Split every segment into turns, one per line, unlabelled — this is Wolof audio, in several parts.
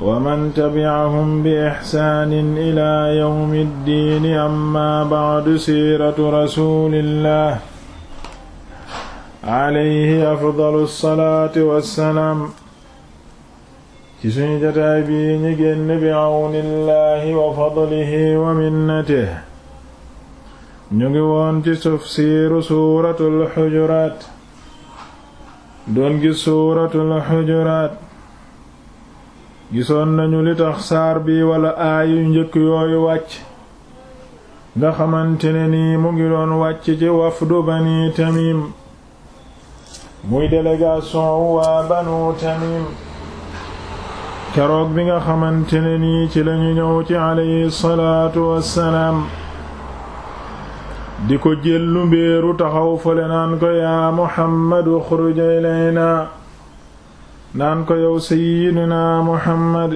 waman tabi'ahum bi ixsaanin ila yawmi ddiini amma ba'du siiratu rasuulillah alayhi afdalu salaati wassalaam ci suñu jataay bii ñi génn bi awnillahi wa fadlihi wa minnatihi ñu ngi woon ci tafsiiru suuratul xujuraat doon gi suuratul xujuraat gisoon nañu li saar bi wala aayu njëkk yooyu wàcc nga xamante ne nii mu ngi doon wàcc ci wafdu bani tamim muy délégation waa banu tamim keroog bi nga xamante ne nii ci lañu ñëw ci alayhi salaatu wassalaam di ko jëllu mbéeru taxaw fale naan ko yaa Muhammadu xuruj naan ko yow sayyidina muhammad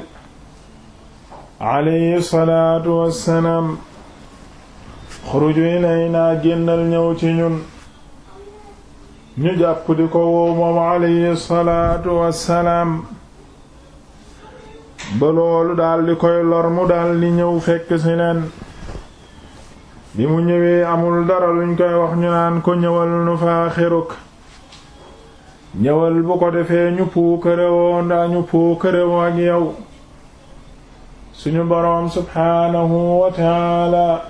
alayhi salaatu wassalaam xuruju ilaynaa génnal ñëw ci ñun ñu jàpp di ko woo moom alayhi salaatu daldi ñëw fekk ci amul dara luñ koy wax ñu naan ko ñëwal nu faaxiruk ñëwal bu ko defee ñu puukarewoo ndaa ñu puukarewoo ak yow suñu boroom subhaanahu wa taala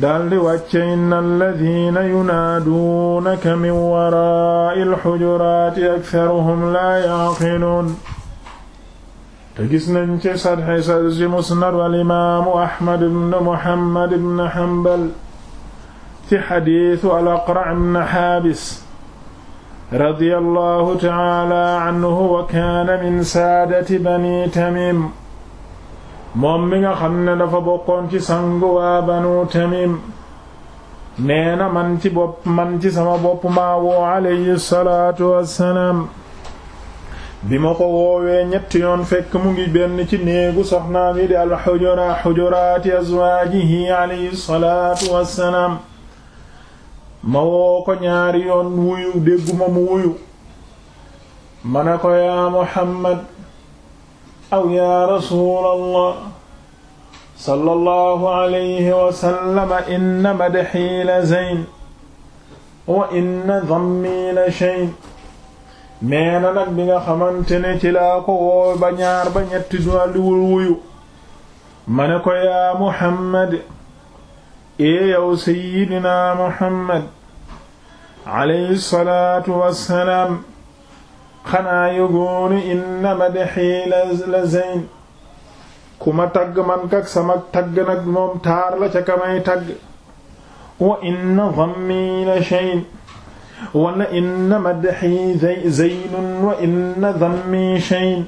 daldi wàcce inna alladina yunaaduunaka min waraai alxujuraati aktaruhum laa yaaqiluun te gis nañ ci sarxi sarxi musnad wal imaamu ahmad ibn muhammad ibn hanbal ci xadiisu al aqra ibn xaabis radiyallahu taala anhu wa kaana min saadati bani tamim moom mi nga xam ne dafa bokkoon ci banu tamim nee na bopp man sama bopp maa woo alayhi salaatu wassalaam bi ma ko woowee ñetti yoon fekk mu ngi benn ci néegu soxnaam yi di alxujura xujuraati azwaajihi alayhi salaatu wassalaam ma woo ko ñaar yoon wuyu dégguma mu wuyu ma ne ko yaa Muhammad aw yaa rasuulallah sallallahu alayhi wa sallam inna madxii la wa inna dammii la shayn nee na nag bi nga xamante ci laa ko woo ba ñaar ba ñetti duwàlliwul wuyu ma ko yaa Muhammad ee yow sayyidina muhammad alayhi salaatu wassalaam xanaa yëgooni inna madxi la zayn ku ma man kak sama tagg nag moom taar la ca kamay wa inna dammi la shayn wa inna madxi zaynun wa inna dammi shayn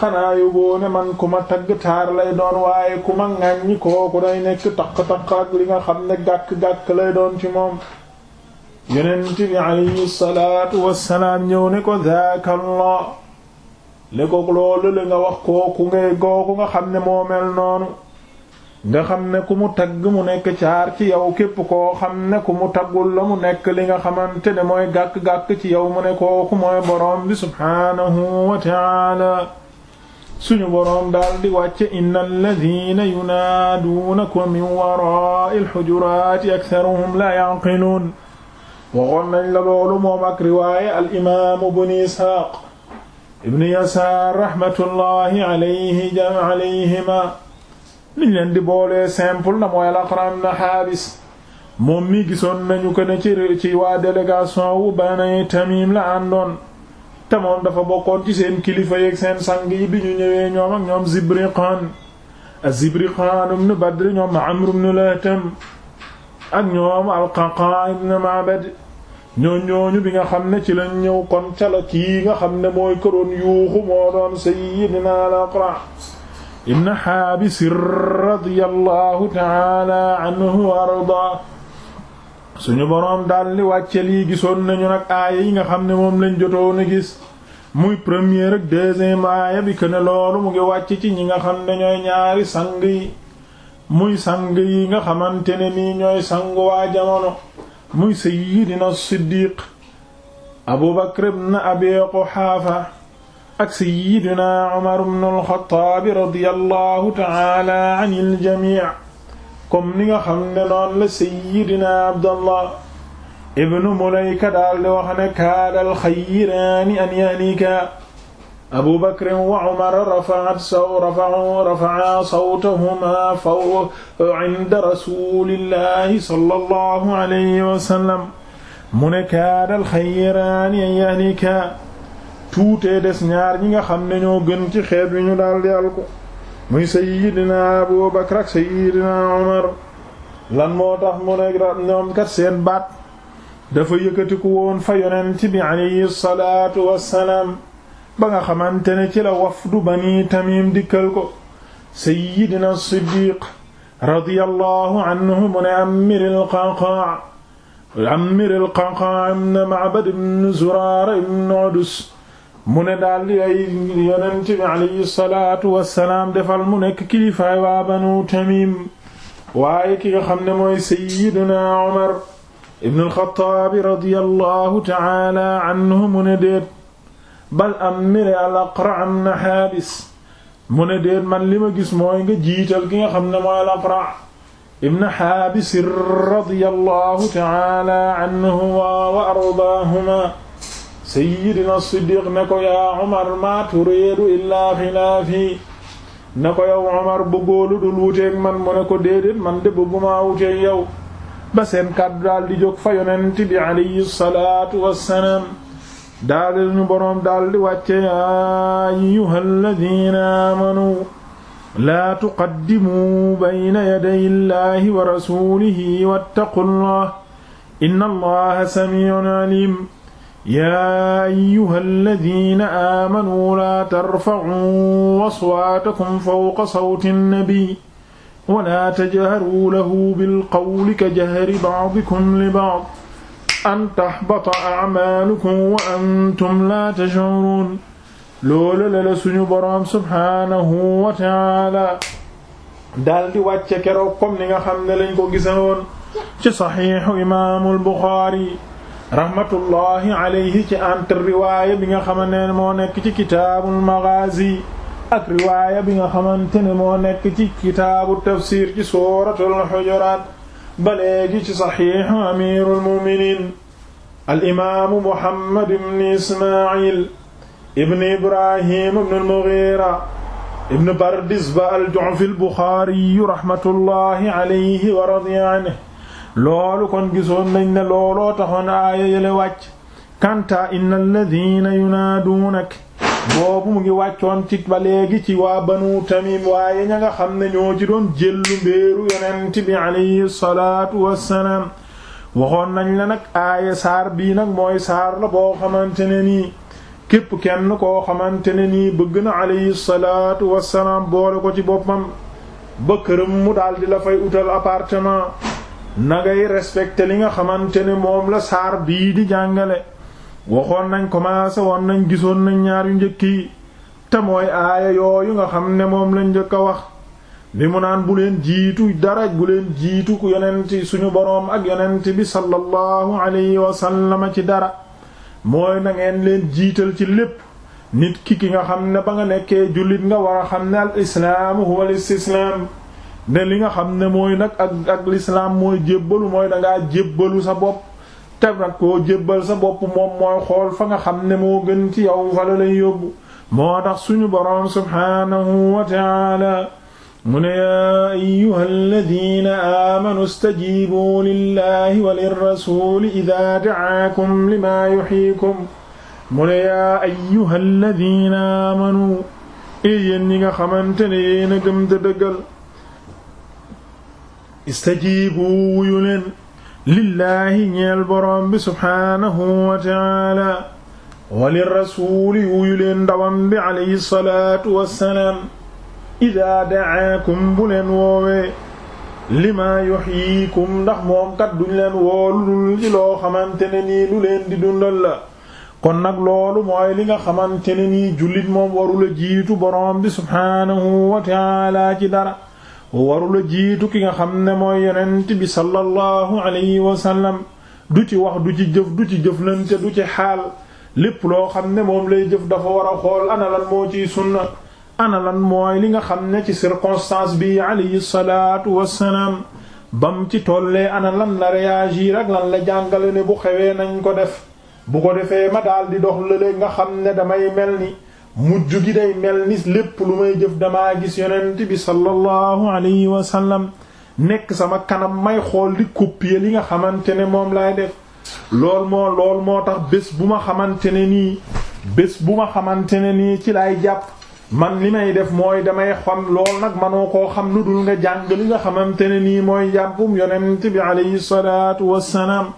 xanaa yóbboo ne man ku ma tagg taar lay doon waaye ku ma ŋàññi kooku day nekk taq-taq ak li nga xam ne gàkk-gàkk lay doon ci moom yonent bi alayhi salaatu wassalaam ñëw ne ko zaakallaa le loolu li nga wax kooku ngay gooku nga xam ne moo mel noonu nga xam ne ku mu tagg mu nekk caar ci yow képp koo xam ne ku mu taggul la mu nekk li nga xamante ne mooy gàkk-gàkk ci yow mu ne kooku mooy boroom bi subhaanahu wa suñu boroom daal di wàcce inna alladina yunaaduunaka min waraai alxujuraati aktaruhum la yaqiluun waxoon nañ la loolu moom ak riwaaya alimaamu bnu isxaaq ibnu yasaar rahmatullahi alayhi jam alayhima liñ leen di boolee simple na mooy al-Aqra' ibn Haabis moom mi gisoon nañu ko ne ci ci waa délégation wu Bani Tamim la àndoon te moom dafa bokkoon ci seen kilifa yeeg seen sang yi bi ñu ñëwee ñoom ak ñoom Zibriqaan az-Zibriqaan ibn Badr ñoom Amr ibn Latam ak ñoom al ibn Ma'bad ñoo ñooñu bi nga xam ci lañ kon cala kii nga xam ne mooy këroon yuuxu moo doon sayyidina al-Aqra ibn Haabis radiyallahu ta'ala anhu wa arda suñu boroom daal li wàcce lii gisoon nañu nak aaya yi nga xam ne moom lañ jotoon a gis muy premier ak deuxième aaya bi que ne loolu mu ngi wàcc ci ñi nga xam ne ñooy ñaari sang yi muy sang yi nga xamante ne nii ñooy sangu waa jamono muy sayyidina siddiq abu bakr ibn abi quhaafa ak sayyidina umar ibn al-khattab radiyallahu ta'ala anil jami' comme ni nga xam ne noon la sayyidina Abdallah ibnu Mulayka daal di wax ne kaadal xayiraani an yahnika Abu Bakr wa Umar rafa'at saw rafa'u rafa'a sawtahuma faw 'inda rasulillahi sallallahu alayhi wa sallam mu ne kaadal xayiraani an yahnika tuutee des ñaar ñi nga xam ne ñoo gën ci xeet wi ñu daal di alku muy sayyidina Abu Bakr ak Umar lan moo tax mu ne ñoom seen baat dafa yëkkatiku woon fa yonent bi alayhi salaatu wassalaam ba nga xamante ne ci la wafdu bani Tamim dikkal ko sayyidina Siddiq radiyallahu anhu ne Ammiril Qanqaa Qanqaa ibn Ma'bad ibn Zuraara ibn Udus mu ne daal di ay yonent bi alayhi defal mu nekk kilifaay waa banu tamim waaye ki nga xam ne mooy sayyidina Umar ibn al-Khattab ta'ala anhu mu bal ammir al-Aqra' ibn Haabis mu man li ma gis mooy nga jiital ki nga xam ne mooy al-Aqra' ibn Haabis ta'ala anhu wa ardaahuma sayyidina siddiq ne ko yaa umar ma turiidu illaa xilaafi ne ko yow umar bëggoolu dul wuteeg man mu ko déedéet man de bëggumaa wuteeg yow ba seen kàddu di jóg fa yonent bi alayhi salaatu wassalaam daal di wàcce yaa ayyuhal ladiina aamanu laa tuqaddimuu bayna yaday illaahi wa rasuulihi wattaqullaah inna allaha samii'un aliim yaa ayyuha alladina aamanuu laa tarfacuu aswaatakum fawqa sawti nnabi wala tajharuu lahu bilqawli ka jahri bacdikum li bacd an taxbata acmaalukum wa antum laa tashcuruun loolu la la suñu boroom subhaanahu wa tacaala daal di wàcce keroog comme ni nga xam ne lañ ko gisawoon ci saxiixu imaamul Buxaari rahmatullahi alayhi ci entre riwaaya bi nga xamante ne moo nekk ci kitaabul maghazi ak riwaaya bi nga xamante ne moo nekk ci kitaabu tafsir ci suuratul hujuraat ba léegi ci saxiixu amirul mu'minin al imaamu muhammad ibn ismaa'il ibn ibrahim ibn al-mughira ibn bardizba al-ju'fi al-buxaari rahmatullahi alayhi wa radiya anhu loolu kon gisoon nañ ne looloo taxoon aaya yële wàcc kanta innal ladina yunaaduunak boobu mu ngi wàccoon ci ba léegi ci waa banu tamim waaye ña nga xam ne ñoo ci doon jëllu mbéeru yonent bi alayhi salaatu wassalaam waxoon nañ la nag aaya saar bii nag mooy saar la boo xamante ne nii képp kenn koo xamante ne nii bëgg na alayhi salaatu wassalaam boole ko ci boppam ba këram mu daldi la utal appartement na ngay respecté li nga xamante ne moom la saar bii di jàngale waxoon nañ commencé woon nañ gisoon nañ ñaar yu njëkk yi te mooy aaya yooyu nga xam ne moom la njëkk a wax bi mu naan bu leen jiitu dara bu leen jiitu ku yonent suñu boroom ak yonent bi sallallahu alayhi wa sallama ci dara mooy na ngeen leen jiital ci lépp nit ki ki nga xam ne ba nga nekkee jullit nga war a xam ne al islaamu huwa al ne li nga xam ne mooy nag ak ak lislaam mooy jébbalu mooy dangaa jébbalu sa bopp te ko koo jébbal sa bopp moom mooy xool fa nga xam ne moo gën ci yow fa la lay yóbbu moo tax suñu boroom subhaanahu wa ta'ala mu ne yaa ayyuha alladina aamanu stajibu lillahi wa lirrasuli ida da'aakum lima yuhyikum mu ne yaa ayyuha alladina aamanu yéen ñi nga xamante ne yéen a gëm istajibu wuyu leen lillaahi ñeel boroom bi subhaanahu wa taala wa lirasuuli wuyu leen ndawam bi alayhi salaatu wassalaam idaa dacaakum bu leen woowee limaa yuxyiikum ndax moom kat duñ leen woolul ci loo xamante ne nii lu leen di dundal la kon nag loolu mooy li nga xamante ne nii jullit moom warula jiitu boroom bi subhaanahu wa taala ci dara warula jiitu ki nga xam ne mooy yonent bi sallallahu alayhi wa sallam du ci wax du ci jëf du ci jëflante du ci xaal lépp loo xam ne moom lay jëf dafa war a xool ana lan moo ciy sunna ana lan mooy li nga xam ne ci circonstance bi alayhi salaatu wassalaam bam ci tollee ana lan la réagir ak lan la jàngale ne bu xewee nañ ko def bu ko defee ma daal di dox lële nga xam ne damay mel ni mujj gi day mel ni lépp lu may jëf damaa gis yonent bi sallallahu alayhi wa sallam nekk sama kanam may xool di copier li nga xamante ne moom laay def lool moo lool moo tax bés bu ma xamante ne nii bés bu ma xamante ne nii ci laay jàpp man li may def mooy damay xam lool nag manoo koo xam lu dul nga jàng li nga xamante ne nii mooy jàppum yonent bi alayhi salaatu wassalaam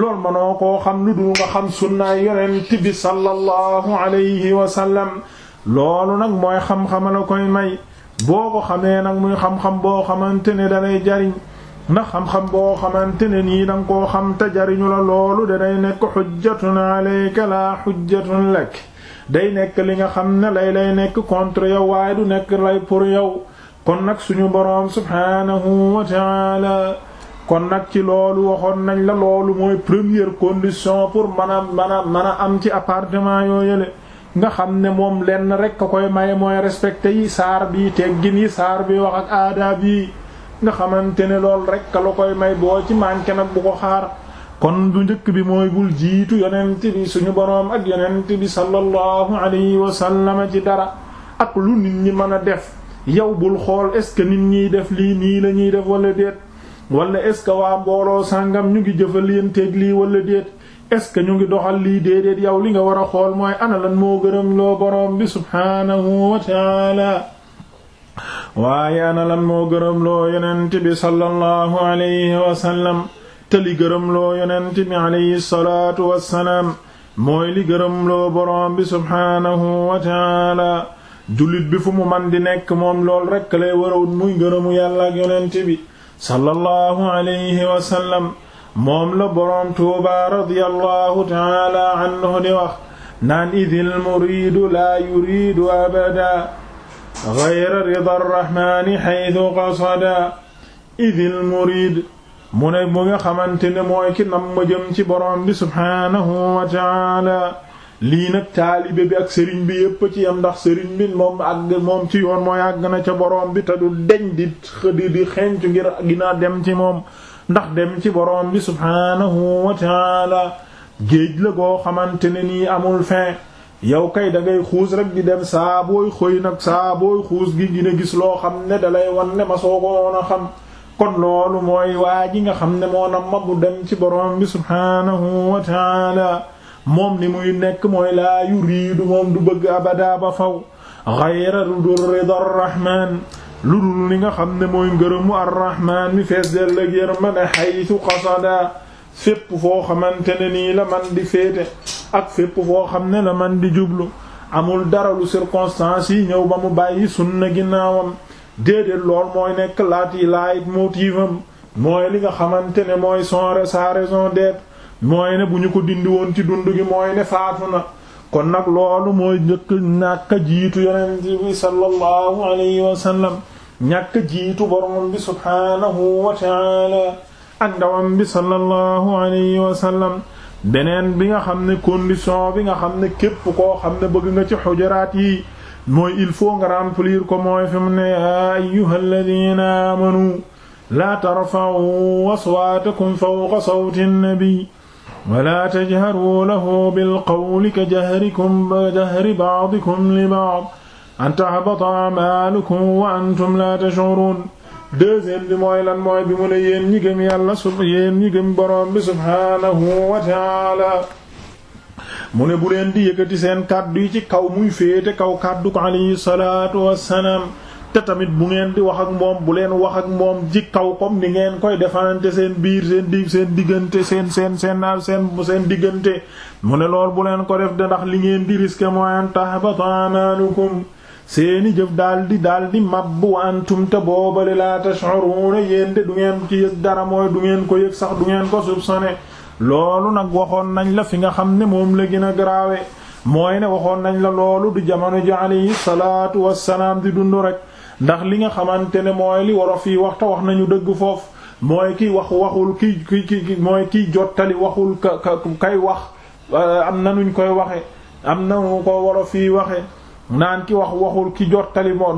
loolu mënoo ko xam lu dul nga xam sunnaay yonent bi sallallahu alayhi wa sallam loolu nag mooy xam-xama la koy may boo ko xamee nag muy xam-xam boo xamante ne dalay jariñ ndax xam-xam boo xamante ne nii danga ko xam te jariñu la loolu danay nekk xujjatun alayka la xujjatun lak day nekk li nga xam ne lay lay nekk contre yow waaye du nekk lay pour yow kon nag suñu boroom subhaanahu wa ta'ala kon nag ci loolu waxoon nañ la loolu mooy première condition pour mën a mën a am ci appartement yoo yële nga xam ne moom lenn rek a koy maye mooy respecté yi saar bi teggin yi saar bi wax ak aadaab bii nga xamante ne loolu rek la koy may boo ci manqué nag bu ko xaar kon du njëkk bi mooy bul jiitu yonent bi suñu boroom ak yonent bi sallallahu alayhi wa sallam ci dara ak lu nit ñi mën a def yow bul xool est ce que nit ñiy def lii nii la ñuy def wala déet wala est ce que waa mbooloo sàngam ñu ngi jëfalanteeg lii wala déet est ce que ñu ngi doxal lii déedéet yow li nga war xool mooy ana lan moo gërëm loo boroom bi subhaanahu wa taala waaye ana lan moo gërëm loo yonent bi sallallahu alayhi wa sallam te li gërëm loo mooy li gërëm loo boroom bi subhaanahu wa taala jullit bi fu mu man di nekk moom lool rekk lay waroon muy gërëmu yàlla ak bi sallallahu alayhi wa sallam moom la boroom tuuba radiyallahu taala anhu di wax naan idil muriidu laa yuriidu abada gayra rida rrahmani xaytu qasada idil muriid mu ne mu nga xamante ne mooy ki nam ma jëm ci boroom bi subhaanahu wa taala lii nag taalibe bi ak sëriñ bi yépp ci yam ndax sëriñ bi moom ak moom ci yoon mooy àgg na ca boroom bi te du deñ di xëdi di xencu ngir ginaa dem ci moom ndax dem ci boroom bi subhaanahu wa taala géej la goo xamante ne nii amul fin yow kay da xuus rek di dem saa booy xëy nag saa booy xuus gi dina gis loo xam ne dalay wan ne ma xam kon loolu mooy waa ji nga xam ne moo nam bu dem ci boroom bi subhaanahu wa taala moom ni muy nekk mooy laa yuriidu moom du bëgg abada ba faw xayra lu dul rida rahman lu dul li nga xam ne mooy ngërëmu arrahman mi fees dell ak yërmande xaytu fépp foo xamante ne nii la man di féete ak fépp foo xam ne la man di jublu amul dara lu circonstance yi ñëw ba mu bàyyi sunna ginnaawam déedéet lool mooy nekk laat yi laayit motivam mooy li nga xamante ne mooy son sa raison d'être mooy bu ñu ko dindi woon ci dund gi kon nag loolu mooy njëkk ñàkk jiitu yonent bi sallallahu alayhi wa sallam jiitu boromam bi subhaanahu wa ta'ala sallallahu alayhi wa sallam beneen bi nga xam ne condition bi nga xam ne képp koo xam ne bëgg nga ci xujuraat yi mooy nga remplir ko mooy fi ne yaa ayyuha alladina aamanu laa tarfa'u aswaatakum fawqa sawti nabi wala tajharuu lahu bilqawli ka jahrikum jahri ba'dikum li ba'd an tahbata a'maalukum wa antum laa tash'uruun deuxième bi mooy lan mooy bi mu ne yéen ñi gëm yàlla su yéen ñi gëm boroom bi subhaanahu wa ta'aala mu ne bu leen di yëkkati seen kàddu yi ci kaw muy féete kaw kàddu ko alayhi salaatu wassalaam te tamit bu ngeen di wax ak moom bu leen wax ak moom ci kaw comme ni ngeen koy defante seen biir seen di seen diggante seen seen seen seen seen diggante mu ne lool bu leen ko def da ndax li ngeen di risque mooy an tahbata amalukum seeni jëf daal di daal di mab wa antum te boobale la tash'uruna yéen de du ngeen ci yëg dara mooy du ngeen ko yëg sax du ngeen ko soupçonné loolu nag waxoon nañ la fi nga xam ne moom la gën a grave mooy ne waxoon nañ la loolu du jamono ji alayhi salaatu wassalaam di dund rek ndax li nga xamante ne mooy li wolof yi wax te wax nañu dëgg foofu mooy kiy wax waxul ki ki ki mooy kiy jottali waxul kay wax euh, am na nuñ koy waxe am na nu ko wolof yi waxe naan ki wax waxul ki jottali moo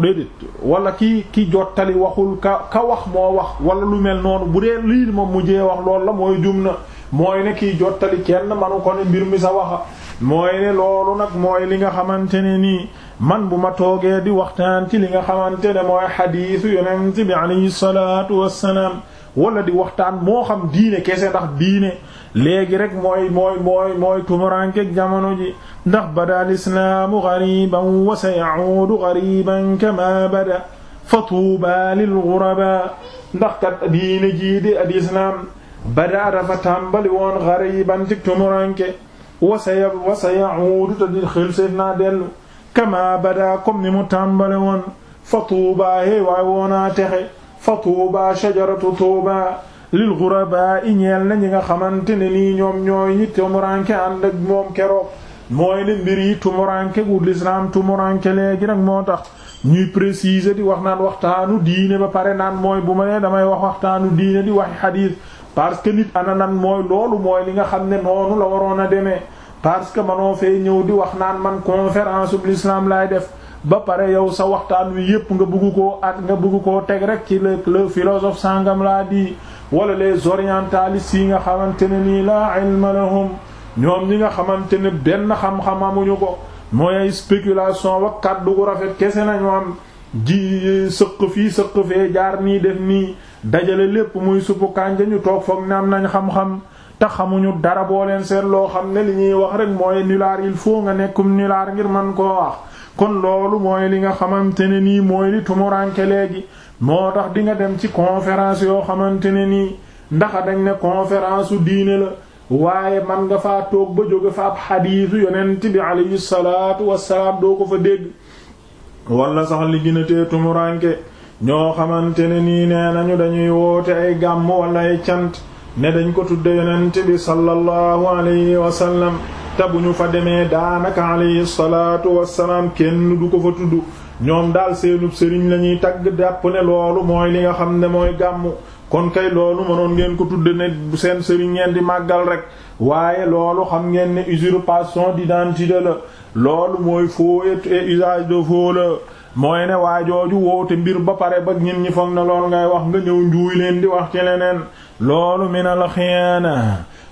wala ki ki jottali waxul ka ka wax moo wax wala lu mel noonu bu dee lii moom mujjee wax loolu la mooy jum na mooy ne kiy jottali kenn manu ko ne mbir mi sa waxa mooy ne loolu nag mooy li nga xamante ne nii man bu ma toogee di waxtaan ci li nga xamante ne mooy xadiisu yonent bi alayhi salaatu wassalaam wala di waxtaan moo xam diine kese ndax diine léegi rek mooy mooy mooy mooy tumuraankeeg jamono ji ndax bada alislaamu gariban wa sa yacuudu gariban kama bada fa tuuba lilguraba ndax kat diine jii di al islaam bada dafa tàmbali woon gariban tumuranke wa sa ya wa sa di xilseef naa dellu kama bada comme ni mu tàmbale woon fa tuubaa hey waay woonaa texe fa tuubaa shajaratu tuubaa lil ghurabaa ñeel na ñi nga xamante ne nii ñoom ñooy ñi tumuranke ànd ak moom keroog mooy ne mbir yi tumuranke gu lislaam tumuranke léegi nag moo tax ñuy préciser di wax naan waxtaanu diine ba pare naan mooy bu ma nee damay wax waxtaanu diine di waxi xadiis parce nit ana nan mooy loolu mooy li nga xam ne noonu la waroon a demee parce que manoo fee ñëw di wax naan man conférence ub l'islam laay def ba pare yow sa waxtaan wi yépp nga bëgg ko at nga bëgg koo teg rek ci le le philosophe sangam laa di wala les orientalistes yi nga xamante ne nii laa ilma lahum ñoom ñi nga xamante ne benn xam-xam amuñu ko mooy ay spéculation wa kàddu gu rafet kese nañu am ji sëq fii sëq fee jaar nii def nii dajale lépp muy suppu kànja ñu toog foog ne am nañ xam-xam te xamuñu dara boo leen seet loo xam ne li ñuy wax rek mooy nulaar il faut nga nekkum nulaar ngir man koo wax kon loolu mooy li nga xamante ne nii mooy li tumuranke léegi moo tax dinga dem ci conférence yoo xamante ne nii ndax dañ ne conférence su diine la waaye man nga faa toog ba jóge fa ab xadiisu yonent bi alayhi salaatu wassalaam doo ko fa dégg wala sax li gën a ñoo xamante ne nii nee nañu dañuy woote ay gàmm wala ay cant ne dañ ko tudde yonent bi sallallahu alayhi wa sallam te bu ñu fa demee daanaka alayhi salaatu wassalaam kenn du ko fa tudd ñoom daal seenub sëriñ lañuy tagg jàpp ne loolu mooy li nga xam ne mooy gàmmu kon kay loolu mënoon ngeen ko tudd ne seen sëriñ ngeen di màggal rek waaye loolu xam ngeen ne usurpation d'identité la loolu mooy faux et usage de faux la mooy ne waajooju woote mbir ba pare ba ñin ñi foog na lool ngay wax nga ñëw njuuy leen di wax ci loolu min al xiyaana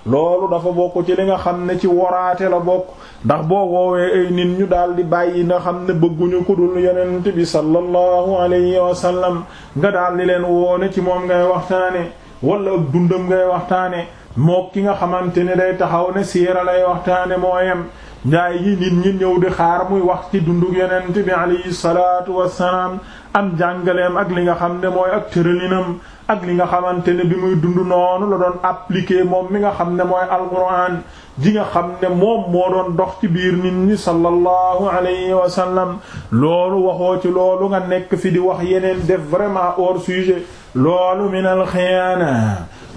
loolu dafa bokk ci li nga xam ne ci waraate la bokk ndax boo woowee ay nit ñu daal di bàyyi nga xam ne bëgguñu ku dul yonent bi sallallahu alayhi wa sallam nga daal di leen woone ci moom ngay waxtaane wala ak dundam ngay waxtaane moo ki nga xamante ni day taxaw ne siira lay waxtaane mooyem njaay yi nit ñi ñëw di xaar muy wax ci dundug yonent bi alayhi salaatu wassalaam am jàngaleem ak li nga xam ne mooy ak tëralinam ak li nga xamante ne bi muy dund noonu la doon appliquer moom mi nga xam ne mooy alquran ji nga xam ne moom moo doon dox ci biir nit ñi sallallahu alayhi wa sallam loolu waxoo ci loolu nga nekk fi di wax yeneen def vraiment hors sujet loolu min al xiyaana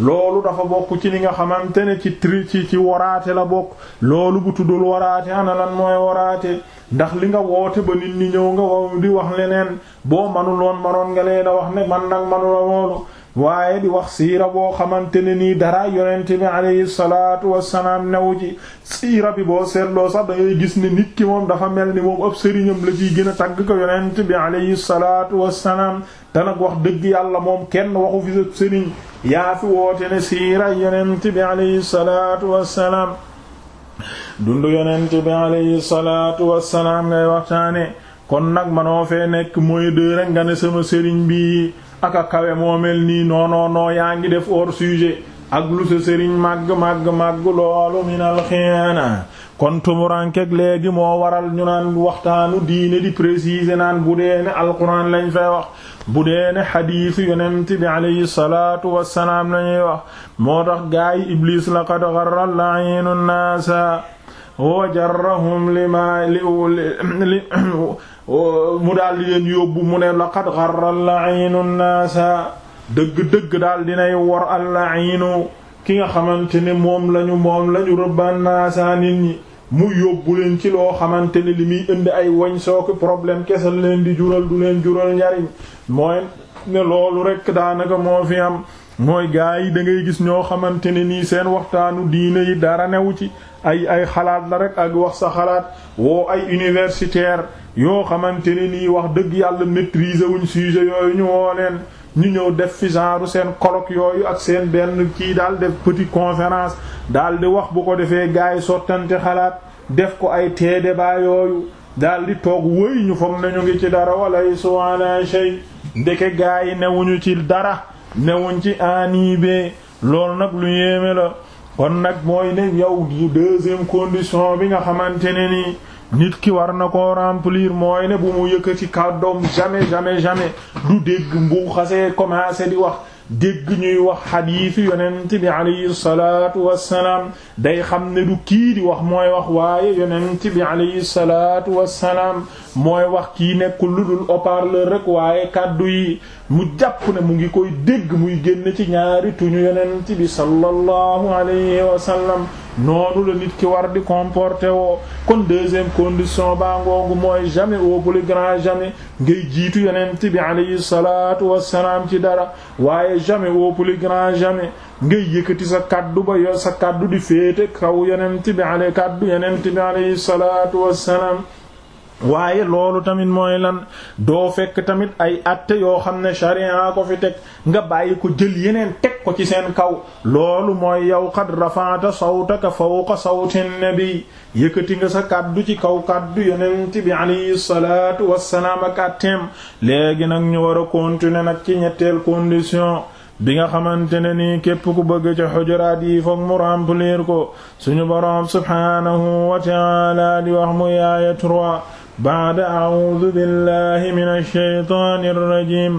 loolu dafa bokk ci li nga xamante ne ci tri ci ci waraate la bokk loolu bu tuddul waraate ana lan mooy waraate ndax li nga woote ba nit ñi ñëw nga wow di wax leneen boo manuloon manoon nga leen a wax ne man nag manula waaye di wax siira boo xamante ne nii dara yonent bi alayhi salaatu wassalaam newu ji siira bi boo seetloo sax da gis ni nit moom dafa mel ni moom ab sëriñam la ciy gën a tagg ko yonent bi alayhi salaatu wassalaam te nag wax dëgg yàlla moom kenn waxu fi sa sëriñ yaa fi woote ne siira yonent bi alayhi salaatu wassalaam dund yonent bi alayhi salaatu wassalaam ngay waxtaane kon nag manoo fee nekk mooy dë nga ne sama sëriñ bi aka kawe moo mel nii noonoonoo yaa ngi def hors sujet ak lu sa sëriñ màgg màgg màgg loolu minal xiina kon tumurankeg léegi moo waral ñu naan waxtaanu diine di préciser naan bu dee ne alquran lañ fay wax bu dee ne xadiisu yonent bi alayhi wassalaam lañuy wax moo tax gaay iblis laqad gharra la'inu naasa wa jarrahum lima li li mu daal di yóbbu mu ne laqad gharra al-la'inu an-naasa dëgg-dëgg daal dinay wor al-la'inu ki nga xamante ne moom lañu moom lañu rëbb an-naasa nit ñi mu yóbbu leen ci loo xamante ne li muy indi ay woñ sooki problème kesal leen di jural du leen jural njariñ mooy ne loolu rekk daanaka moo fi am mooy gaa yi da ngay gis ñoo xamante ne nii seen waxtaanu diine yi dara newu ci ay ay xalaat la rek ak wax sa xalaat woo ay universitaire yoo xamante ni lii wax dëgg yàlla maîtriser wuñ sujet yooyu ñu woo ñu ñëw def fi genre seen colloque yooyu ak seen benn kii daal def petite conférence daal di wax bu ko defee gars yi sottante xalaat def ko ay tee débat yooyu daal di toog wëy ñu foog nañu ngi ci dara walay suana chey ndeke gars yi newuñu ci dara newuñ ci anibe loolu nag lu yéeme la kon nag mooy ne yow deuxième condition bi nga xamante ne ni nit ki war na ko remplir mooy ne bu mu yëkkati kàddoom jamais jamais jamais du dégg bu xasee commencé di wax dégg ñuy wax xadiisu yonent bi alayhi salaatu wassalaam day xam ne du kii di wax mooy wax waaye yonent bi alayhi salaatu wassalaam mooy wax kii nekk lu dul haut-parleur rek waaye kàddu yi mu jàpp ne mu ngi koy dégg muy génn ci ñaari tuñu yonent bi sallallahu alayhi wasallam noonu la nit ki war di comporter woo kon deuxième condition baa ngoogu mooy jamais au plus grand jamais ngay jiitu yonent bi alayhi salaatu wassalaam ci dara waaye jamais au plus grand jamais ngay yëkkati sa kaddu ba yo sa kaddu di féete kaw yonent bi ale kaddu yonent bi alayhi salaatu wassalaam waaye loolu tamit mooy lan doo fekk tamit ay atte yoo xam ne sharia ko fi teg nga bàyyi ko jël yeneen teg ko ci seen kaw loolu mooy yow qad rafa'ta sawtaka fawqa sawti nabi yëkkati nga sa kàddu ci kaw kàddu yonent tibi alayhi salaatu wassalaam ak atteem léegi nag ñu war a nag ci ñetteel condition bi nga xamante ne nii képp ku bëgg ci xujuraat yi foog mu remplir ko suñu boroom subhaanahu wa ta'ala di wax mu yaaya trois ba'da a'uudu billahi mina shaytaani rajiim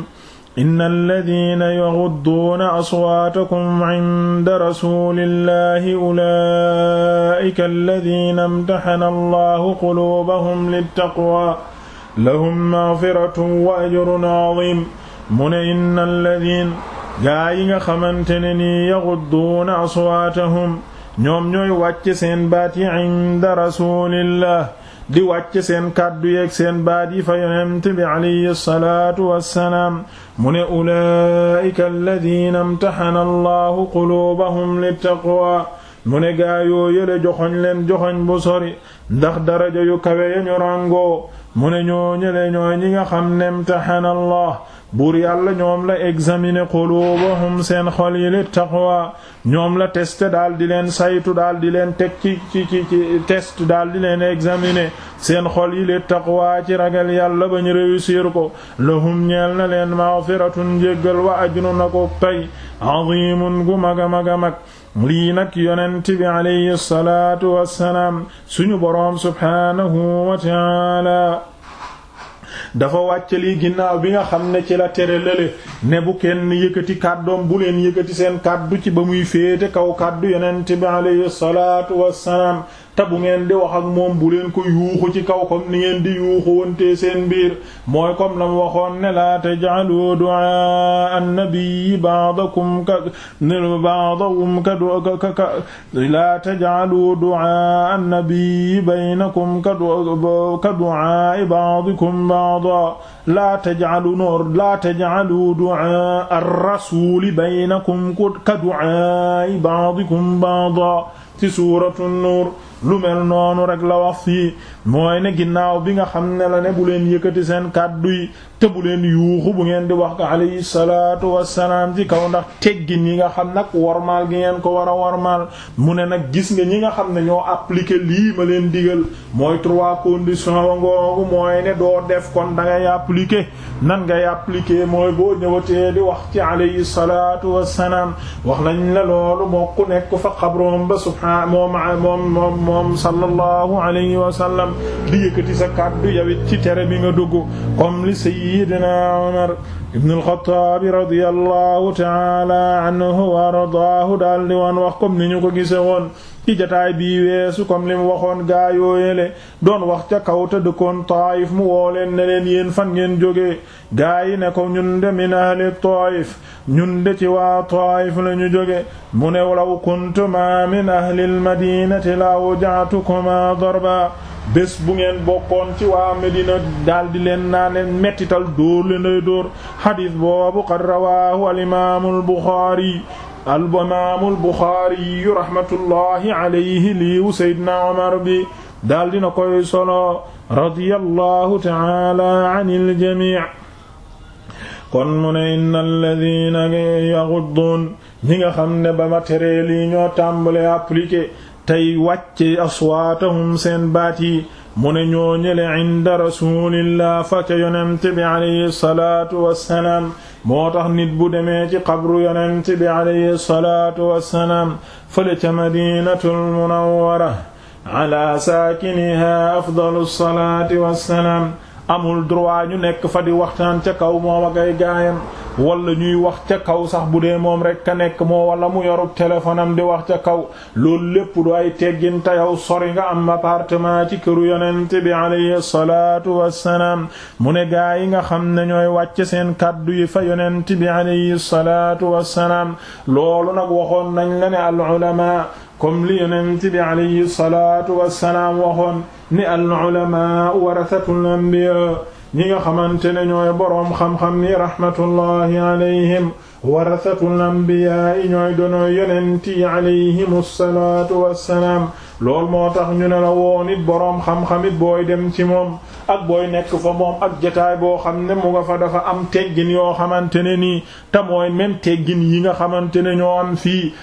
inna alladiina yaghudduuna aswaatakum 'inda rasuulillaahi ulaa'ika alladiina imtaxana allaahu quluubahum littaqwaa lahum maghfiratun wa ajrun 'aziim mu ne inna alladiina gaa yi nga xamante ne nii yaghudduuna aswaatahum ñoom ñooy wàcc seen baat yi 'inda rasuulillaahi di wàcc seen kàddu yeeg seen baat yi fa yonent bi alayhi salaatu wassalaam mu ne ulaa'ika alladina imtaxana allahu quluubahum littaqwa mu ne gaayoo yële joxoñ leen joxoñ bu sori ndax daraja yu kawe ya ñu ràngoo mu ne ñoo ñële ñooy ñi nga xam ne imtaxana allah buur yàlla ñoom la examiner qulubahum seen xol yi li taqwa ñoom la teste daal di leen saytu daal di leen teg ci ci ci ci test daal di leen examiner seen xol yi le taqwa ci ragal yàlla ba ñu réussir ko lahum ñeel na leen maghfiratun njéggal wa ajrun na ko pay azimun gu mag a mag a mag lii nag yonent bi alayhi salaatu wassalaam suñu boroom subhaanahu wa ta'ala dafa wàcc lii ginnaaw bi nga xam ne ci la tere le ne bu kenn yëkkati kàddoom bu leen yëkkati seen kàddu ci ba muy féete kaw kàddu yonent bi alayhi salaatu wassalaam te bu ngeen di wax ak moom bu leen ko yuuxu ci kaw comme ni ngeen di yuuxu wante seen biir mooy comme la mu waxoon ne laa taj'alu du'a an-nabiyyi ba'dakum ka ba'dahum ka ka laa taj'alu du'a an-nabiyyi baynakum ka du'a ba'dikum ba'dan laa taj'alu nur laa taj'alu du'a ar-rasuli baynakum ka du'a ba'dikum ba'dan ci suuratu nur lu mel noonu rek la wax fii mooy ne ginnaaw bi nga xam ne la ne bu leen yëkkati seen kàddu yi te bu leen yuuxu bu ngeen di wax ko alayhi salaatu wassalaam ci kaw ndax teggin yi nga xam nag wormaal gi ngeen ko war a wormaal mu ne nag gis nga ñi nga xam ne ñoo appliqué lii ma leen digal mooy trois conditions wa ngoogu mooy ne doo def kon da ngay appliqué nan ngay appliqué mooy boo ñëwatee di wax ci alayhi salaatu wassalaam wax nañ la loolu moo ku nekk fa xabroom moom sallallahu alayhi wa sallam di sa kàddu yawit ci bi nga dugg comme li sayyidina Umar ibn al-Khattab radiyallahu ta'ala anhu wa ardaahu daal di woon wax comme ni ñu ko gise woon ci jataay bii weesu comme li mu waxoon gaa yooyele doon wax ca kaw te dëkkoon Taayif mu woo leen ne leen yéen fan ngeen jógee gaa yi ne ko ñun de min ahli Taayif ñun de ci waa Taayif la ñu jóge mu ne law kuntuma min ahli al-madinati la waja'tukuma darba bés bu ngeen bokkoon ci waa Medina daal di leen naa leen mettital dóor dóor xadiis boobu qad rawaahu al Buxaari albomaamul Buxaari yu rahmatullahi alayhi liiwu Seydina Omar bi daal dina koy solo radiyallahu ta'ala anil jamii kon mu ne innal ladina yaghudduun ñi nga xam ne ba matériel yi ñoo tàmbale appliqué tey wàcce aswaatahum seen baat yi mu ne ñoo ñële inda rasulillah fa ca yonente bi alayhi salaatu wassalaam moo tax nit bu demee ci xabru yonent bi alayhi salaatu wassalaam fële ca madinatul munawwara ala saakiniha afdalu salaati wassalaam amul droit ñu nekk fa di waxtaan ca kaw moom ak ay gaayam wala ñuy wax ca kaw sax bu dee moom rek a nekk moo wala mu yorub téléphone am di wax ca kaw loolu lépp du ay teggin te yow sori nga am appartement ci këru yonent bi alayhi salaatu wassalaam mu ne gaa yi nga xam ne ñooy wàcc seen kàddu yi fa yonent bi alayhi salaatu wassalaam loolu nag waxoon nañ la ne al ulama comme li yonent bi alayhi salaatu wassalaam waxoon ni al ulamaa warasatul anbiya ñi nga xamante ne ñooy boroom xam-xam yi rahmatullahi alayhim warasatul anbiya yi ñooy donooy yonent yi alayhimu salaatu wassalaam lool moo tax ñu ne la woon it boroom xam-xam it booy dem ci moom ak booy nekk ko moom ak jotaay boo xam ne mu nga fa dafa am teggin yoo xamante ne nii te mooy même teggin yi nga xamante ne ñoo am fii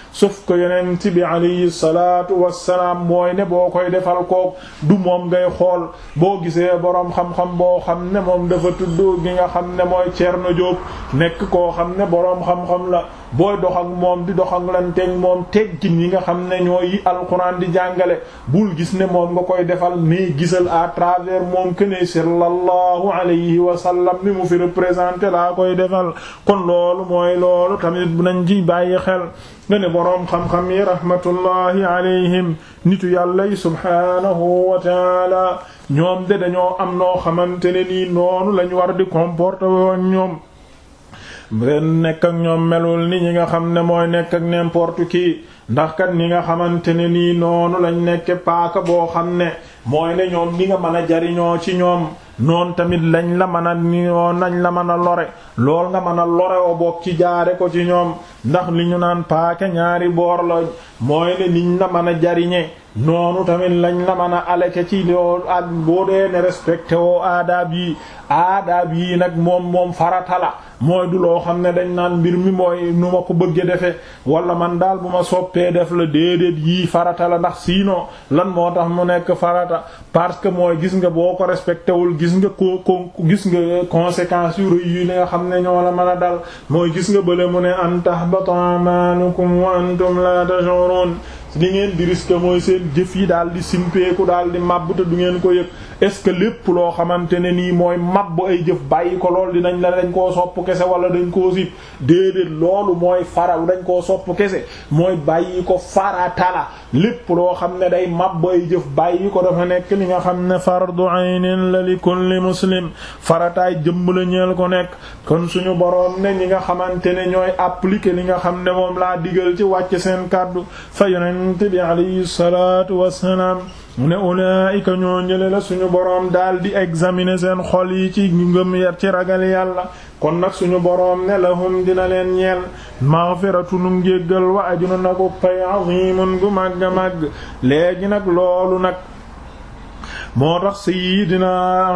ko yeneen yonent bi alayhi salaatu wassalaam mooy ne boo koy defal kook du moom ngay xool boo gisee boroom xam-xam boo xam ne moom dafa tudd gi nga xam ne mooy Cerno Jóob nekk koo xam ne boroom xam-xam la booy dox ak moom di dox ak lanteeg moom teggin yi nga xam ne ñoo yi alxuraan di jàngale bul gis ne moom nga koy defal mais gisal à travers moom que ne sallallahu alayhi wa sallam mi mu fi représenté laa koy defal kon loolu mooy loolu tamit bu nañ ci bàyyi xel nga ne boroom xam-xam yi rahmatullahi alayhim nitu yàlla yi subhaanahu wa taala ñoom de dañoo am noo xamante ne nii noonu lañ war di comporter woon ñoom ren nekk ak ñoom melul ni ñi nga xam ne mooy nekk ak n'importe qui ndax kat ñi nga xamante ne nii noonu lañ nekke paaka boo xam ne mooy ne ñoom li nga mën a jariñoo ci ñoom noon tamit lañ la mën a ñoo nañ la mën a lore lool nga mën a lore o bokk ci jaare ko ci ñoom ndax li ñu naan paaka ñaari boor la mooy ne niñ la mën a jariñe noonu tamit lañ la mën a aleke ci loolu ak boo dee ne respecté woo aadaab yi aadaab yi nag moom moom farata la mooy du loo xam ne dañ naan mbir mi mooy nu ma ko bëgge defe wala man daal bu ma soppee def la déedéet yii farata la ndax sinon lan moo tax mu nekk farata parce que mooy gis nga boo ko respecté wul gis nga ko ko gis nga conséquences yu rëy yi nga xam ne ñoo la mën a dal mooy gis nga bële mu ne an tahbata amalukum wa antum la tash'urun li ngeen di risque mooy seen jëf yi daal di simpeeku daal di màbb te du ngeen ko yëg est-ce que lépp loo xamante ne nii mooy màbb ay jëf bàyyi ko lool dinañ la dañ ko sopp kese wala dañ koo sip déedéet loolu mooy faraw dañ koo sopp kese mooy bàyyi ko faratala lépp loo xam ne day mabboy jëf bàyyi ko dafa nekk li nga xam ne fardu aynin la li kulli muslim farataay jëmm la ñeel ko nekk kon suñu boroom ne ñi nga xamante ne ñooy appliquer li nga xam ne moom laa digal ci wàcc seen kàddu fa yonent bi alayhi salaatu wassalaam mu ne ulaayika ñoo ñële suñu boroom daal di examiner seen xol yi ci ngëm ci ragal yàlla kon nag suñu boroom ne lahum dina leen ñeel maghfiratun njéggal wa ajrun ak pay azimun gu màgg-màgg léegi nag loolu nag moo tax sayyidina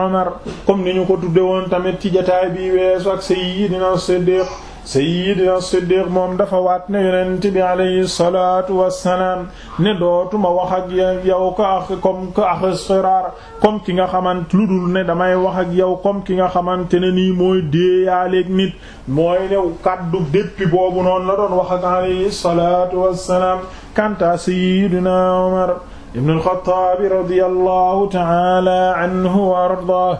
Umar comme ni ñu ko tudde woon tamit ci jataay bi weesu ak sayyidina Siddiq sayyidina siddiq moom dafa waat ne yonent bi alayhi salaatu wassalaam ne dootuma wax ak yow ko ak comme ko ak siraar ki nga xamante lu dul ne damay wax ak yow comme ki nga xamante ne nii mooy déeyaaleeg nit mooy new kàddu déppi boobu noonu la doon wax ak alayhi salaatu wassalaam kanta sayyidina Umar ibnu alxataabi radiallahu taala anhu wa ardah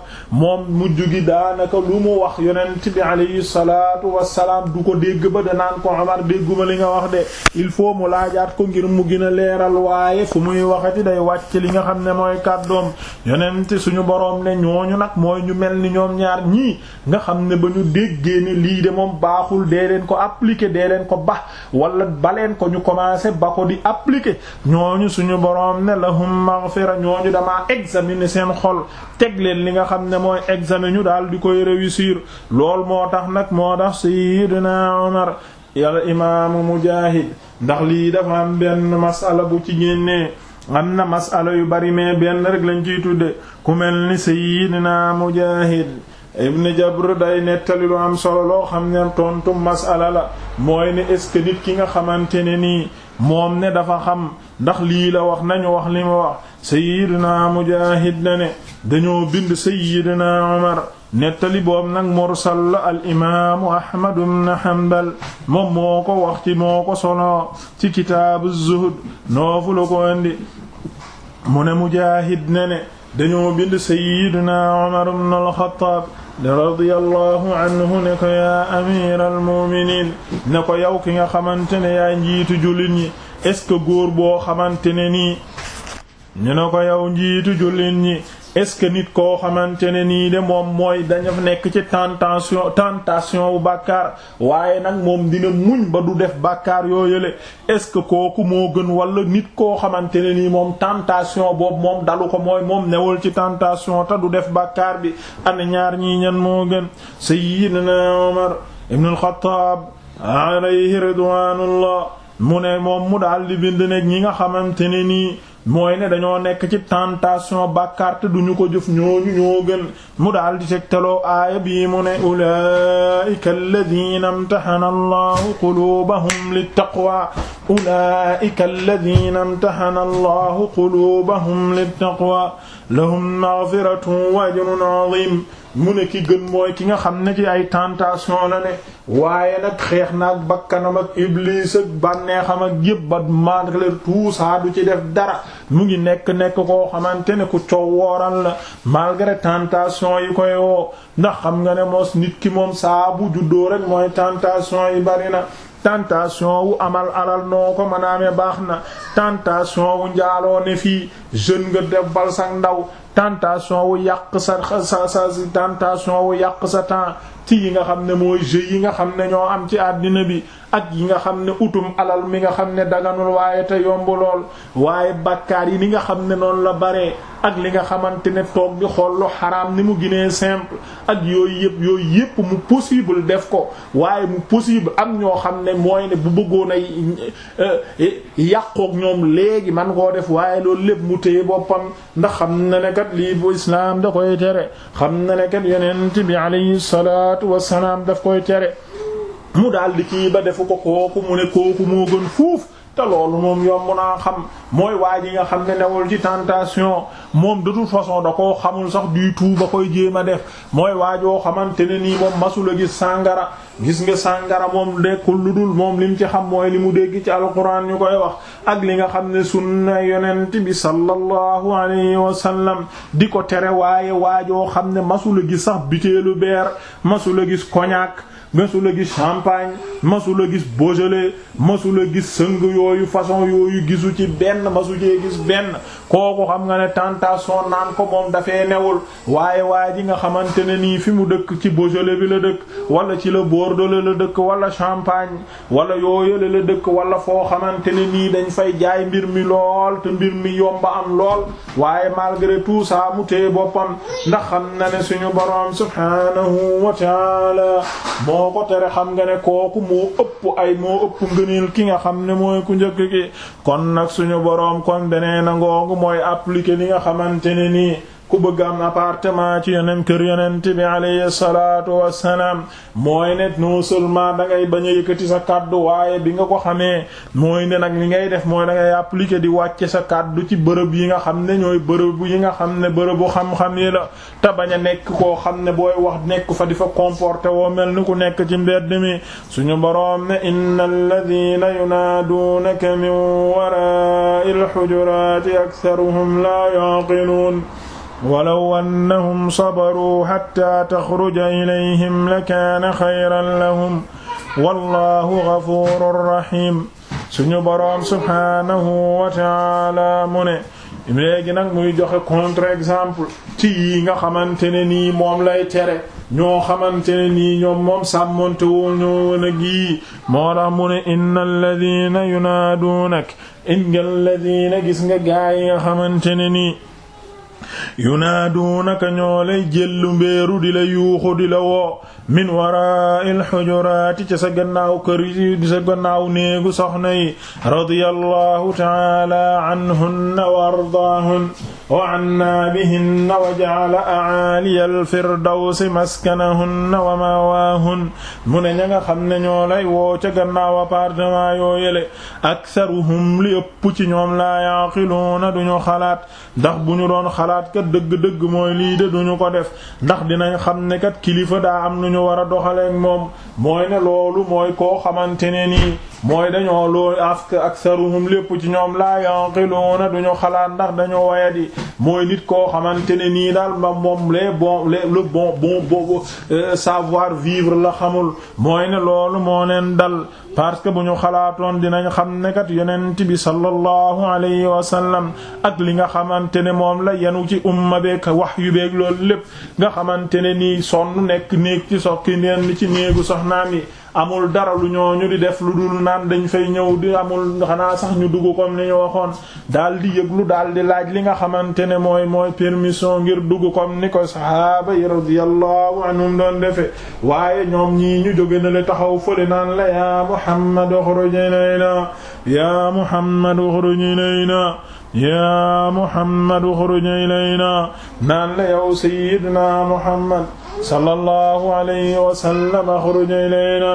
moom mujj gi daanaka lu mu wax yonent bi alayhi salaatu wasalaam du ko dégg ba danaan ko Omar dégguma li nga wax de il faut mu laajaat ko ngir mu gën a leeral waaye fu muy waxati day wàcc li nga xam ne mooy kàddoom yonent suñu boroom ne ñooñu nag mooy ñu mel ni ñoom ñaar ñii nga xam ne ba ñu déggee ne lii de moom baaxul dee leen ko appliquer dee leen ko ba wala baleen ko ñu commencé ba ko di appliquer ñooñu xam ne lahum maghfira ñooñu damaa examiner seen xol teg leen li nga xam ne mooy examen ñu daal di koy réussir lool moo tax nag moo tax sayyidina Umar yàlla imaamu Mujaahid ndax lii dafa am benn masala bu ci génnee am na masala yu bari mais benn rek lañ ciy tudde ku mel ni sayyidina Mujaahid ibn Jabr day nettali lu am solo loo xam ne tontu masala la mooy ne est nit ki nga xamante nii moom ne dafa xam ndax lii la wax nañu wax li mu wax sayyidina Mujaahid na ne bind sayyidina Umar nettali boobu nag mursal al imaamu Ahmad ibn Hanbal moom moo wax ci moo ko solo ci kitaabu zuhud noofu la ko mu ne Mujaahid na ne bind sayyidina Umar ibn al-Khattab radiyallahu anhu ne ko yaa amiral mu'minin ne ko yow ki nga xamante ne yaa njiitu jullit ñi est-ce que góor boo xamante ne nii ñu ne ko yow njiitu jullit ñi est-ce que nit koo xamante ne nii de moom mooy dañu nekk ci tentation tentation bu bàkkaar waaye nag moom dina ba du def bàkkaar yoo yële est-ce que kooku moo gën walla nit koo xamante ne nii moom tentation boobu moom dalu ko mooy moom newul ci tentation te du def bàkkaar bi ana ñaar ñii ñan moo gën sayyidina Umar ibn al-Khattab alayhi ridwanullah mu ne moom mu daal di bind ne nga xamante ne nii mooy ne dañoo nekk ci tentation bàkkaar te duñu ko jëf ñu ñoo gën mu daldi di tegtaloo aaya bii mu ne ulaa'ika alladhiina imtahana allahu quluubahum littaqwa ulaa'ika alladhiina imtahana allahu quluubahum littaqwa lahum maghfiratun wa ajrun azim mu ne ki gën mooy ki nga xam ne ci ay tentation la ne waaye nag xeex na naag bakkanam ak iblis ak bànneexam ak yëpp ba malgré tout ça du ci def dara mu ngi nekk nekk koo xamante ne ku coow wooral la malgré tentation yi koy woo ndax xam nga ne mos nit ki moom saabu bu juddoo rek mooy tentation yi bari na tentation wu amal alal noo ko mën baax na tentation wu njaaloo ne fii jeune nga def bal sax ndaw tentation wu yàq sa sa sa tentation wu yàq sa temps ci yi nga xam ne mooy jeu yi nga xam ne ñoo am ci àddina bi ak yi nga xam ne utum alal mi nga xam ne daganul waaye te yomb lool waaye bàkkaar yi ni nga xam ne noonu la baree ak li nga xamante ne toog di xool lu xaraam ni mu ginee simple ak yooyu yëpp yooyu yëpp mu possible def ko waaye mu possible am ñoo xam ne mooy ne bu bëggoon a eh, yàqook ñoom léegi man koo def waaye loolu lépp mu téye boppam ndax xam na ne kat lii bu islaam da koy tere xam na ne kat yonent bi alayhi salaatu wassalaam daf koy tere mu daal di kii ba defu ko kooku mu ne kooku moo gën fuuf te loolu moom yomb naa xam mooy waa ji nga xam ne newul ci tentation moom de toute façon da koo xamul sax du tout ba koy jéem a def mooy waajoo xamante ne nii moom a gis sàngara gis nga sàngara moom nekkul lu dul moom lim ci xam mooy li mu dégg ci alquran ñu koy wax ak li nga xam ne sunna yonent bi sallallahu alayhi wa sallam di ko tere waaye waajoo xam ne masul a gis sax bitéelu beer masula gis cognac masula gis champagne masula gis beaujolais masula gis sëng yooyu façon yooyu gisu ci benn masu jee gis benn kooku xam nga ne tentation naan ko moom dafee newul waaye waa ji nga xamante ne nii fi mu dëkk ci beaujolais bi la dëkk wala ci la bordeaux la dëkk wala champagne wala yooyale la dëkk wala foo xamante ne nii dañ fay jaay mbir mi lool te mbir mi yomb am lool waaye malgré tout ça mu téye boppam ndax xam na ne suñu borom subhanahu wa ñoo ko tere xam nga ne kooku moo ëpp ay moo ëpp ngëneel ki nga xam ne mooy ku njëkk ki kon nag suñu borom kon beneen a ngoogu mooy appliquer li nga xamante ne nii ku bëgg am appartement ci yeneen kër yonent bi alayhi salaatu wassalaam mooy ne non seulement da ngay bañ a sa kàddu waaye bi nga ko xamee mooy ne nag li ngay def mooy da ngay di wàcce sa kàddu ci bërëb yi nga xam ne ñooy bërëb yi nga xam ne bërëbu xam-xam yi la te bañ nekk koo xam ne booy wax nekk fa di fa comporter woo mel ni ku nekk ci mbedd mi suñu boroom ne innal ladina yunaaduunaka min wara'il hujuraati aktharuhum la yaqilun walaw annahum sabaruu xatta taxruja ilayhim la kaana xayran lahum wallahu gafurun rahim suñu boroom subhaanahu wa taala mu ne léegi nag muy joxe contre-exemple ci yi nga xamante ne nii moom lay tere ñoo xamante ne nii ñoom moom sàmmonte woo ñoo won a gii moo tax mu ne inna alladina yunaaduunak inna alladina gis nga gaa yi nga xamante ne nii yunaaduunaka ñoo lay jëllu mbéeru di la yuuxu di la woo min waraa'il xujuraati ca sa gannaaw kër yi di sa gannaaw néegu soxna yi radiyallahu ta'ala anhunna wa ardaahun wa anna bihinna wa ja'ala a'aaliyal firdawsi maskanahunna wa maawaahun mu ne ña nga xam ne ñoo lay woo ca gannaaw appartement yoo yële aktharuhum li ëpp ci ñoom laa ya'qiluuna duñu xalaat ndax bu ñu doon xalaat kat dëgg-dëgg mooy lii de duñu ko def ndax dinañ xam ne kat kilifa daa am ñu war doxaleek moom mooy ne loolu mooy koo xamante ne nii mooy dañoo loo ask aksaruhum lépp ci ñoom laa yanqiluuna duñu xalaat ndax dañoo di mooy nit koo xamante ne nii daal ba moom le bon les le bon bon euh, savoir vivre la xamul mooy ne loolu moo leen dal parce que bu ñu xalaatoon dinañ xam ne kat yonent bi sallallahu alayhi wa ak li nga xamante ne moom la yenu ci umma beeg wax yu beeg loolu lépp nga xamante ne nii sonn nekk néeg ci sokki neen ci néegu soxnaam yi amul dara lu ñooñu di def lu dul naan dañ fay ñëw di amul xanaa sax ñu dugg comme ni ñu waxoon daal di yëglu daal di laaj li nga xamante ne mooy mooy permission ngir dugg comme ni ko sahaaba yi radiyallahu anhum doon defee waaye ñoom ñii ñu jóge na le taxaw fële naan la ya Muhammad ukhruj ilayna ya Muhammad ukhruj ilayna ya Muhammad ukhruj ilayna naan la yow sayyidina Muhammad sallallahu alayhi wa sallam axruj ilayna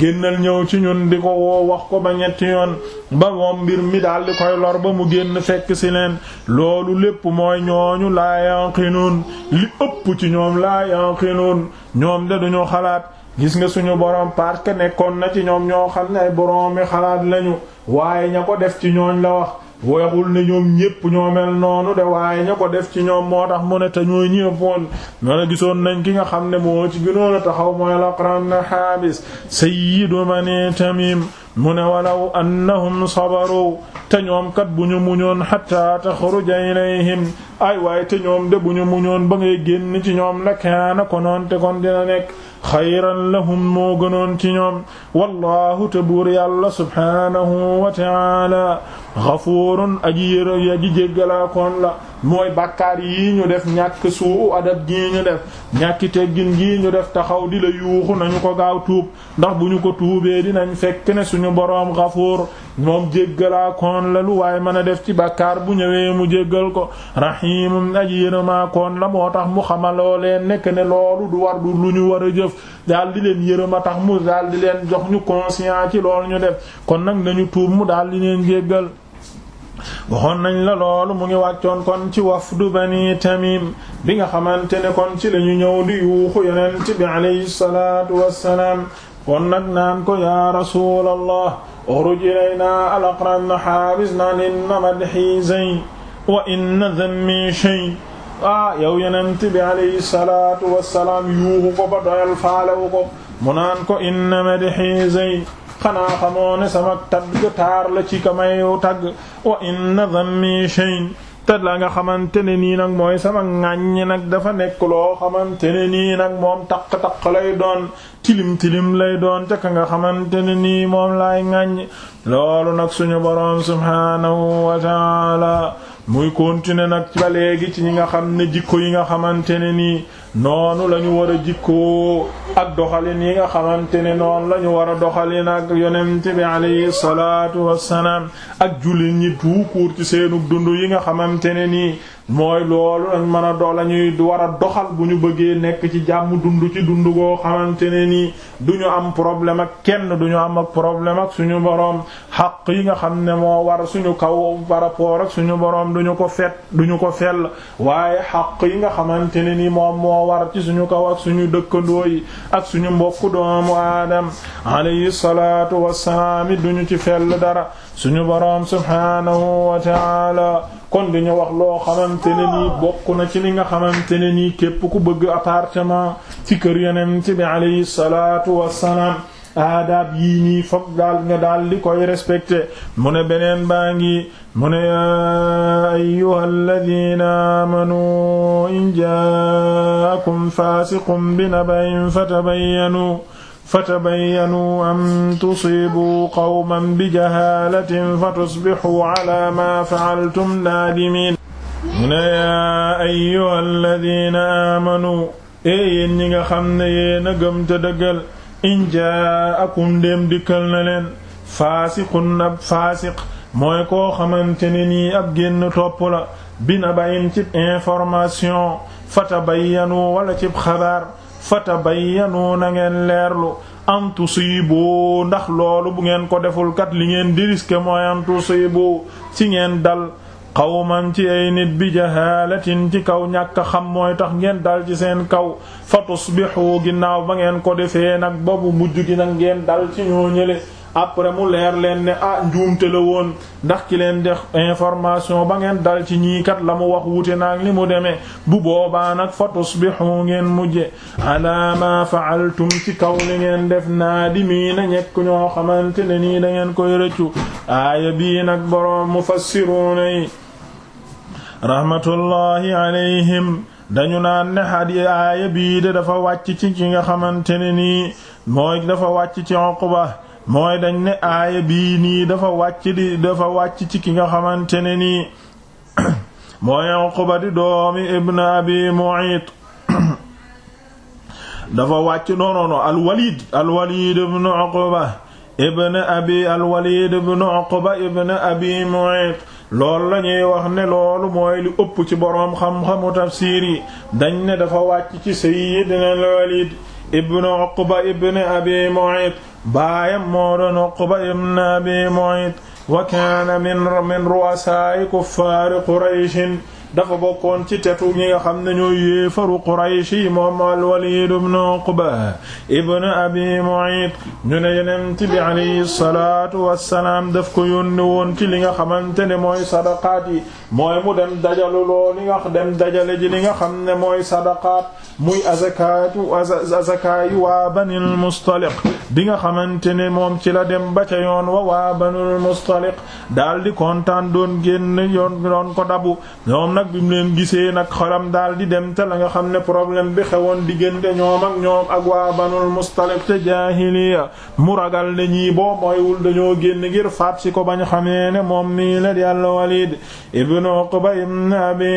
génnal ñëw ci ñun di ko woo wax ko ba ñetti yoon ba moom mbir mi daal di koy lor ba mu génn fekk si leen loolu lépp mooy ñooñu laa yanqinuun li ëpp ci ñoom laa yanqinuun ñoom de duñu xalaat gis nga suñu borom parce nekkoon na ci ñoom ñoo xam ne ay boroomi xalaat lañu waaye ña ko def ci ñooñ la wax waxul ne ñoom ñépp ñoo mel noonu de waaye ña ko def ci ñoom moo tax mu ne te ñooy ñëppoon ñoo gisoon nañ ki nga xam ne moo ci gënoon a taxaw mooy la aqram na Haabis sayyidu Bani Tamim mu ne walaw annahum sabaru ta ñoom kat bu ñu muñoon hatta taxruja ilayhim ay waay te ñoom de bu mu muñoon ba ngay génn ci ñoom la kaana konoon te kon dina nekk xayran lahum moo gënoon ci ñoom wallahu te buur yàlla subhanahu wa ta'ala xafuurun aji yërë aji jéggalaakoon la mooy bakkaar yii ñu def ñàkk suu adab gii ñu def ñàkki teggin gii ñu def taxaw di la yuuxu nañu ko gaaw tuub ndax bu ñu ko tuubee dinañ fekk ne suñu boroom xafuur moom jéggalaakoon la lu waaye mën a def ci bakkaar bu ñëwee mu jéggal ko rahimun aji yërëmaakoon la moo tax mu xamaloo leen nekk ne loolu du war du lu ñu war a jëf daal di leen yërëm a tax mu daal di leen jox ñu conscient ci lool ñu def kon nag nañu tuub mu daal di leen jéggal waxoon nañ la loolu mu ngi wàccoon kon ci wafdu bani tamim bi nga xamante ne kon ci la ñu ñëw di yuuxu yonent bi alayhi salaatu wassalaam kon nag naan ko yaa rasuulallah uruj ilaynaa al-Aqra' ibn Haabis naan inna madhii zayn wa inna dhammii shay ah yow yonent bi alayhi salaatu wassalaam yuuxu ko ba doyal faalewu ko mu naan ko inna madhii zayn xanaa xamoo ne sama tagg taar la ci kamay tagg wa inna dhammi shay'in te la nga xamante ne nii nag mooy sama ŋàññ nag dafa nekk loo xamante ne nii nag moom taq-taq lay doon tilim-tilim lay doon te nga xamante ne nii moom laay ŋàññ loolu nag suñu boroom subhaanahu wa taala muy continuer nag ba léegi ci ñi nga xam ne jikko yi nga xamante ne nii noonu la ñu war a jikkoo ak doxalin yi nga xamante ne noonu la ñu war a doxalin ak yonent bi alayhi salaatu wassalaam ak jullit ñi tout court ci seenug dund yi nga xamante ne nii mooy loolu lañ mën a do la ñuy war a doxal bu ñu bëggee nekk ci jàmm dund ci dund goo xamante ne nii du ñu am problème ak kenn du ñu am ak problème ak suñu boroom xaq yi nga xam ne moo war suñu kaw par rapport ak suñu boroom du ko fet du ko fel waaye xaq yi nga xamante ne nii moom moo war ci suñu kaw ak suñu dëkkandoo yi ak suñu mbokku doomu aadam alayhi salaatu wassalaam duñu ci fel dara suñu boroom subhaanahu wa kon di ñu wax loo xamante ne bokk na ci li nga xamante ne ni képp ku bëgg appartement ci kër yonent bi alayhi salaatu wassalaam aadaab yii nii foog daal nga daal di koy respecté mu ne beneen baa ngi mu ne yaa ayyuha alladina aamanu in jaakum faasiqun bi nabain fatabayyanu فتبينوا أن تصيبوا قوما بجهالة فتصبحوا على ما فعلتم نادمين mu ne yaa ayyuha alladina aamanu yéen ñi nga xam ne yéen a gëm te dëggal in jaakum dem dikkal na leen faasiqun ab faasiq mooy koo xamante ne nii ab génn topp la bina bayin cib information fatabayyanu wala cib xabaar fatabayyanu na ngeen leerlu an tusibu ndax loolu bu ngeen ko deful kat li ngeen di risque mooy an tusibu ci ngeen dal qawman ci ay nit bi jahalatin ci kaw ñàkk xam mooy tax ngeen dal ci seen kaw fa tusbihu ginnaaw ba ngeen ko defee nag boobu mujj gi nag ngeen dal ci ñoo ñële après mu leer leen ne ah njuumte la woon ndax ki leen dex information ba ngeen dal ci ñii kat la mu wax wute naag li mu demee bu boobaa nag fa tusbihu ngeen mujje ala ma fa'altum ci kaw li ngeen def naadimiina ñekk ñoo xamante ne nii da ngeen koy rëccu aaya bii nag boroom mufassiruuna yi rahmatullahi alayhim dañu naan ne hadi aaya bii de dafa wàcc ci ci nga xamante ne nii mooy dafa wàcc ci Uqba mooy dañ ne aaya bii nii dafa wàcc di dafa wàcc ci ki nga xamante ne nii mooy Uqba di doomi ibn abi Mu'ayt dafa wàcc noonono alwalid alwalid ibn Uqba ibn abi alwalid ibn Uqba ibn wax ne loolu mooy li ëpp ci boroom xam-xamu tafsiir yi dañ ne dafa wàcc ci sayyidina alwalid ibnu Uqba ibn Abi Mu'ayt baayam moo doon Uqba ibn Abi Mu'ayt wa kaana min min ru'asaa'i kuffaari Qurayshin dafa bokkoon ci tetu yi nga xam ne ñooy yéefaru Quraysh yi moom al-Walid ibn Uqba ibn Abi Mu'ayt ñu ne Yonent ko yónni woon ci li nga xamante ne mooy sadaqaat yi mooy mu dem dajalu loo li nga dem dajale ji li nga xam ne mooy sadaqaat muy azakaatu azakaay waa Banil Mustaliq bi nga xamante ne moom ci la dem ba yoon wa waa Banil Mustaliq daal di kontaan doon génn yoon ko dabu ñoom nag bi mu leen gisee nag xolam daal di dem te la nga xam ne problème bi xewoon diggante ñoom ak ñoom ak waa banul Mustalik te jaahiliya mu ragal ne ñii boo mooywul dañoo génn ngir faat si ko bañ xamee ne moom nii la di al Walid ibn Uqba ibn Abi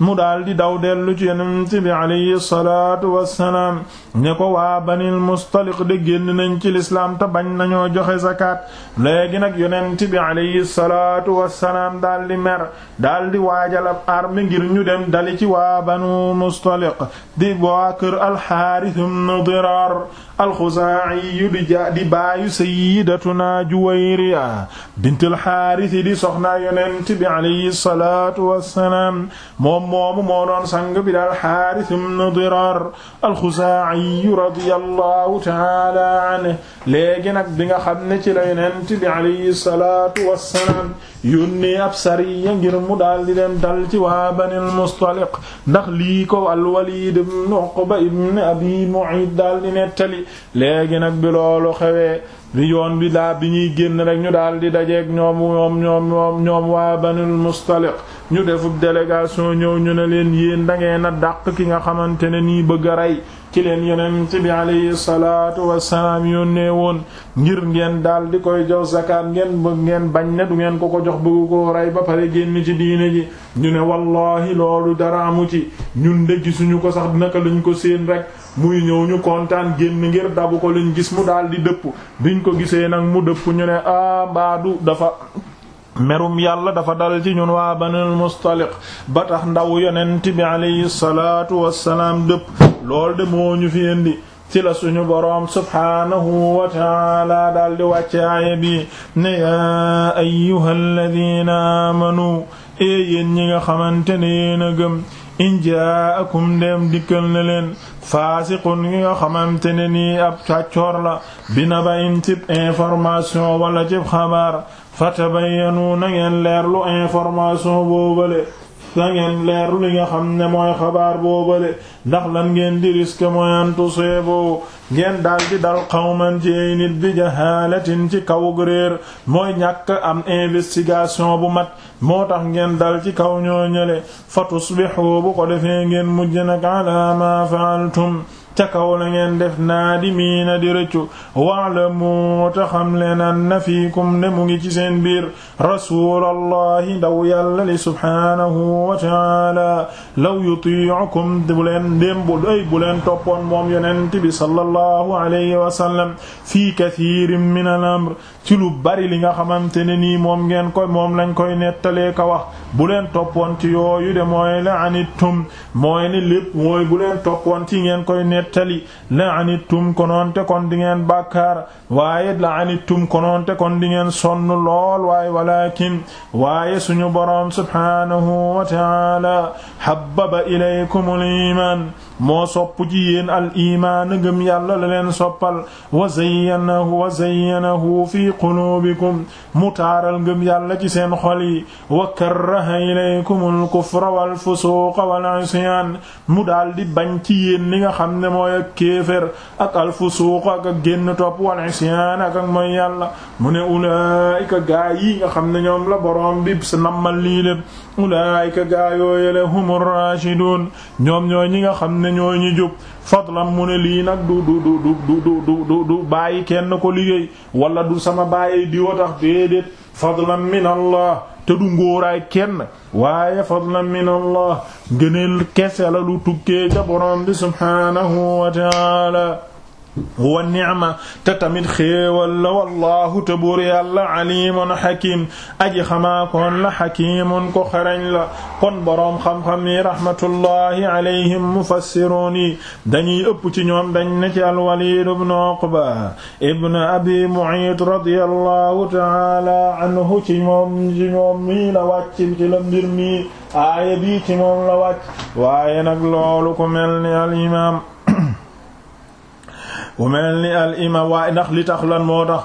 mu daal di daw dellu ci yonent bi alayhi salaatu wassalaam ne ko waa banil mustaliq de génn nañ ci lislaam te bañ nañoo joxe zakat léegi nag yonent bi alayhi salaatu wassalaam daal di mer daal di waajal ab arme ngir ñu dem dali ci waa banu mustaliq di waa kër alxaaris ibn diraar alxuzaa'i di ja di baayu sayyidatuna juwayriya bintul xaaris di soxna yonent bi alayhi salaatu wassalaam moom moomu moo doon sang bi daal Haaris ibn Diraar al-Xuzaa'i nag bi nga xam ne ci la Yonent bi alayhi salaatu wassalaam yónnee ab sariya ngir mu daal di dem dal ci waa Banil Mustaliq ndax lii ko al-Waliid ibn Uqba ibn Abi Mu'ayt daal di nettali léegi nag bi loolu xewee bi yoon bi daa bi ñuy génn rek ñu daal di dajeeg ñoom ñoom ñoom waa banul mustaliq ñu defub délégation ñëw ñu ne leen yéen da ngeen dàq ki nga xamante ne nii bëgg a rey ci leen ci bi alayhi salaatu wasalaam yónnee woon ngir ngeen daal di koy jox zakaat ngeen bëgg ngeen bañ ne du ngeen ko ko jox bëgg koo rey ba pare génn ci diine ji ñu ne wallaahi loolu dara amu ci ñun de suñu ko sax naka lañ ko seen rek muy ñëw ñu kontaan génn ngir dabu ko lañ gis mu daal di dëpp biñ ko gisee nag mu dëpp ñu ne ah mbaadu dafa merum yàlla dafa dal ci ñun waa banul mustaliq ba tax ndaw yonent bi alayhi salaatu wassalaam dëpp lool de moo ñu fi indi ci la suñu boroom subhaanahu wa taala daal di wàcce aaya bi ne yaa ayyuhal ladina ee yéen ñi nga xamante ne yéen a in jaakum dem dikkal na leen faasiqun yi nga xamante ne nii ab càccoor la bina ba in cib information wala cib xabaar fatabayyanu na ngeen leerlu information boobale da ngeen leeru li nga xam ne mooy xabaar boobale ndax lan ngeen di risque mooy antuseebo ngeen daal di dal xawman ci ay nit bi jahalatin ci kaw réer mooy ñàkk am investigation bu mat moo tax ngeen dal ci kaw ñoo ñële fa tusbihu bu ko defee ngeen mujj nag ala ma faaltum ca kaw la ngeen def naadimiina di rëccu wa'lamu ta xam leen anna fiikum ne mu ngi ci seen biir rasulallahi ndaw yàlla li subhaanahu wa ta'ala law yuti'ukum bu leen ndém bu doy bu leen toppoon moom yonent bi sallallahu alayhi wa sallam fii kathirin min al-amr ci lu bari li nga xamante ne nii moom ngeen ko moom lañ koy nettalee ka wax bu leen toppoon ci yooyu de mooy la anittum mooy ni lépp mooy bu leen toppoon ci ngeen koy nett nettali la anittum konoonte kon di ngeen bàkkaar waaye la anittum konoonte kon di ngeen sonn lool waaye walakin waaye suñu boroom subhaanahu wa ta'ala habbaba ilaykumul iimaan moo sopp ci yéen al imaan ngëm yàlla la leen soppal wa zayyanahu wa zayyanahu fi qulubikum mu taaral ngëm yàlla ci seen xol yi wa karraha ilaykumul kufra wal fusuqa wal isyan mu daal di bañ ci yéen li nga xam ne mooy ak kéefér ak al fusuqa ak ak génn topp wal isyan ak ak mooy yàlla mu ne ulaika gaa yi nga xam ne ñoom la boroom bi sa nammal lii lépp ulaika gaa yooyele humur rashidun ñoom ñooy ñi nga xam ne ne ñooy ñu jub fadlan mu ne lii nag du du du du du du du kenn ko liggéey walla du sama bàyyi di wa tax déedéet fadlan min allah te du ngóoraay kenn waaye fadlan min allah ngëneel kese la lu tukkee ca subhaanahu wa huwa ni'ma te tamit xéewal la wallahu te buur yàlla alimun hakim aji xamaa koon la hakimun ko xarañ la kon boroom xam-xam yi rahmatullahi alayhim mufassiroon yi dañuy ëpp ci ñoom dañ ne ci alwalid ibn uqba ibn abi mu'ayt radiyallahu ta'ala anhu ci moom ci moom mii la wàcc ci la mbir mii aaya bii ci moom la wàcc waaye nag loolu ku mel ni al imam ku mel ni al imaam waaye ndax li tax lan moo tax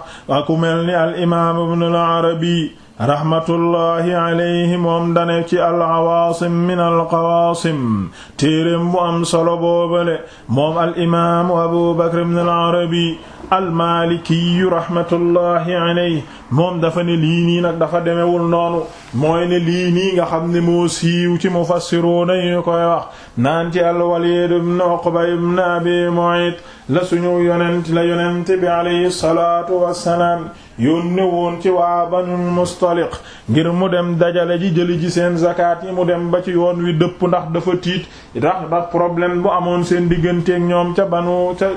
ku mel ni al imaam ibn al arabi raxmatullahi alayhi moom dane ci alawaasim min alqawaasim téeréem bu am solo boobale moom al imaamu abu bakr ibn al arabi almaalikiyu rahmatullahi alayhi moom dafa ne lii nii nag dafa demewul noonu mooy ne lii nii nga xam ne moo ci mufassiruuna yi koy wax naan ci alwaliid ibn uqba ibn abi mu'ayt la suñu yonent la yonent bi alayhi salaatu wassalaam yónne woon ci waa ba banul mustaliq ngir mu dem dajale ji jëli ji seen zakat yi mu dem ba ci yoon wi dëpp ndax dafa tiit ndax ndax problème bu amoon seen digganteeg ñoom ca banu ca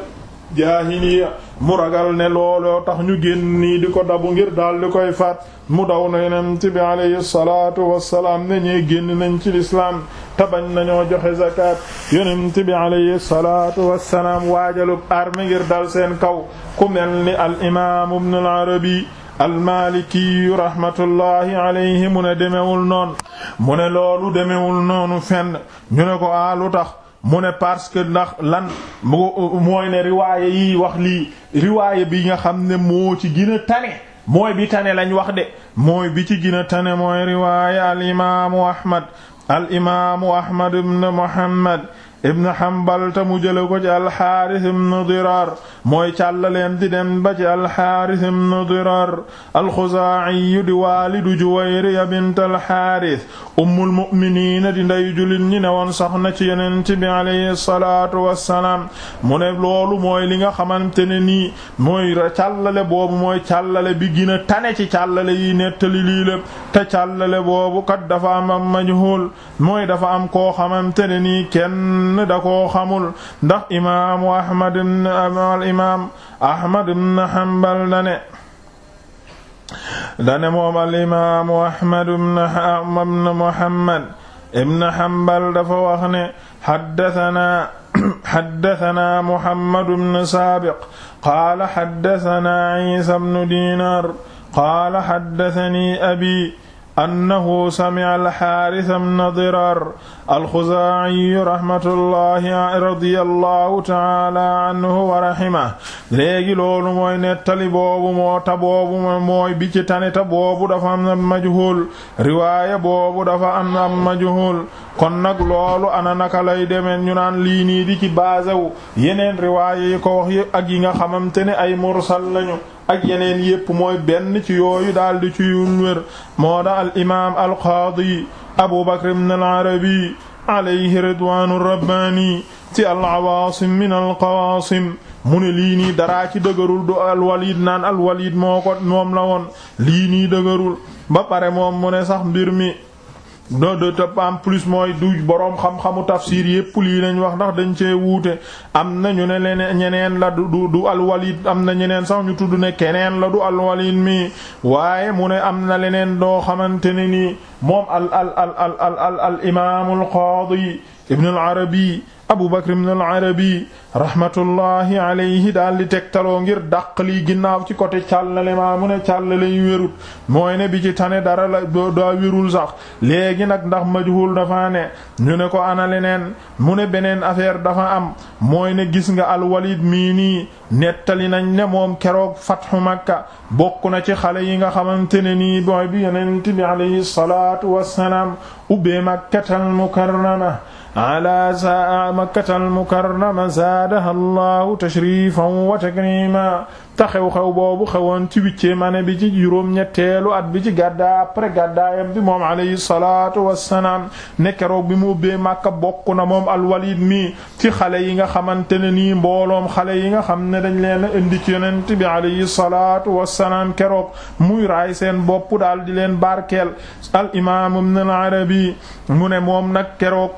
jaahiliya mu ragal ne looloo tax ñu génn nii di ko dabu ngir daal di koy faat mu daw na yeneen bi alayhi salaatu wassalaam ne ñee génn nañ ci lislaam te bañ nañoo joxe zakat yonent bi alayhi salaatu wassalaam waajalub armi ngir dal seen kaw ku mel ni al imaam ibn al arabi almaalikiyu rahmatullahi alayhi mu ne demewul noonu mu ne loolu demewul noonu fenn ñu ne ko aalu ah, tax mu ne parce que ndax lan mooy ne yi wax lii riwaaye bi nga xam ne moo ci gën tane mooy bi tane lañ wax de mooy bi ci gën a tane mooy riwaaye al imaamu ahmad al imaamu ahmad ibn muhammad ibn Hanbal ta mu jële ko ci alxaaris ibn Diraar mooy càllaleen di dem ba ci alxaaris ibn Diraar alxuzaa'i di waalidu Juwayriya bint alxaaris ummul mu'miniina di nday jullit ñi ne woon soxna ci yonent bi alayhi salaatu wassalaam mu ne loolu mooy linga nga xamante ne nii mooy càllale boobu mooy càllale bi gën a tane ci càllale yi nettali lii lépp te boobu kat dafa am am majhuul mooy dafa am koo xamante ne nii génn da koo xamul ndax imaamu ahmad ibn al imaam ahmad ibn hanbal da ne dane moom al imaamu ahmad ibn muhammad ibn hanbal dafa wax ne haddathana haddathana muhammad ibn saabiq qaala haddathana isa ibn dinar qaala haddathani abi annahu sami'a al-Haaris ibn Diraar al-Xuzaa'i rahmatullahi radiyallahu ta'ala anhu wa rahimahu léegi loolu mooy nettali boobu moo ta boobu mooy bi ci tane ta boobu dafa am majhuul riwaaya boobu dafa am am majhuul kon nag loolu ana naka lay demeen ñu naan lii nii di ci baasawu yeneen riwaaya yi ko wax yëpp nga xamante ne ay mursal lañu ak yeneen yépp mooy benn ci yooyu daal ci yun wér moo da al imaam al qaadi abu bakr ibn al arabi alayhi ridwaanu rabbaani ci al awaasim min al qawaasim mu ne lii nii daraa dëgërul du alwalid naan alwalid moo ko moom la woon lii dëgërul ba pare moom mu sax mbir mi no de tëb en plus mooy du boroom xam-xamu tafsir yépp lii nañ wax ndax dañ cee wuute am na ñu ne leneen ñeneen la du du alwalid am na ñeneen sax ñu tudd ne keneen la du alwalid mi waaye mu ne am na leneen doo xamante ne nii moom al al al al al al al imaamul qaadi ibn arabi abu bakr ibn arabi rahmatullahi alayhi daal di tegtaloo ngir dàq lii ginnaaw ci côté càllale maa mu ne càllale yu wérut mooy ne bi ci tane dara la daa wérul sax léegi nag ndax majhul dafa ne ñu ne ko ana leneen mu ne beneen affaire dafa am mooy ne gis nga alwalid mii nii nettali nañ ne moom keroog fathu makka bokk na ci xale yi nga xamante ne nii booy bi yonent bi alayhi salaatu wassalaam ubbee makkatal mukarrama ala saa makkata almukarrama zaadaha allahu tashrifan wa takrima te xew-xew boobu xewoon ci huitième année bi ci juróom-ñetteelu at bi ci gàddaa après gàddaayam bi moom alayhi salaatu wassalaam nekk roog bi mu ubbee Makka bokk na moom alwalid mi ci xale yi nga xamante ne nii mbooloom xale yi nga xam ne dañ leen indi ci yonent bi alayhi salaatu wassalaam keroog muy raay seen bopp daal di leen barkel al imaam ibn al arabi mu ne moom nag keroog.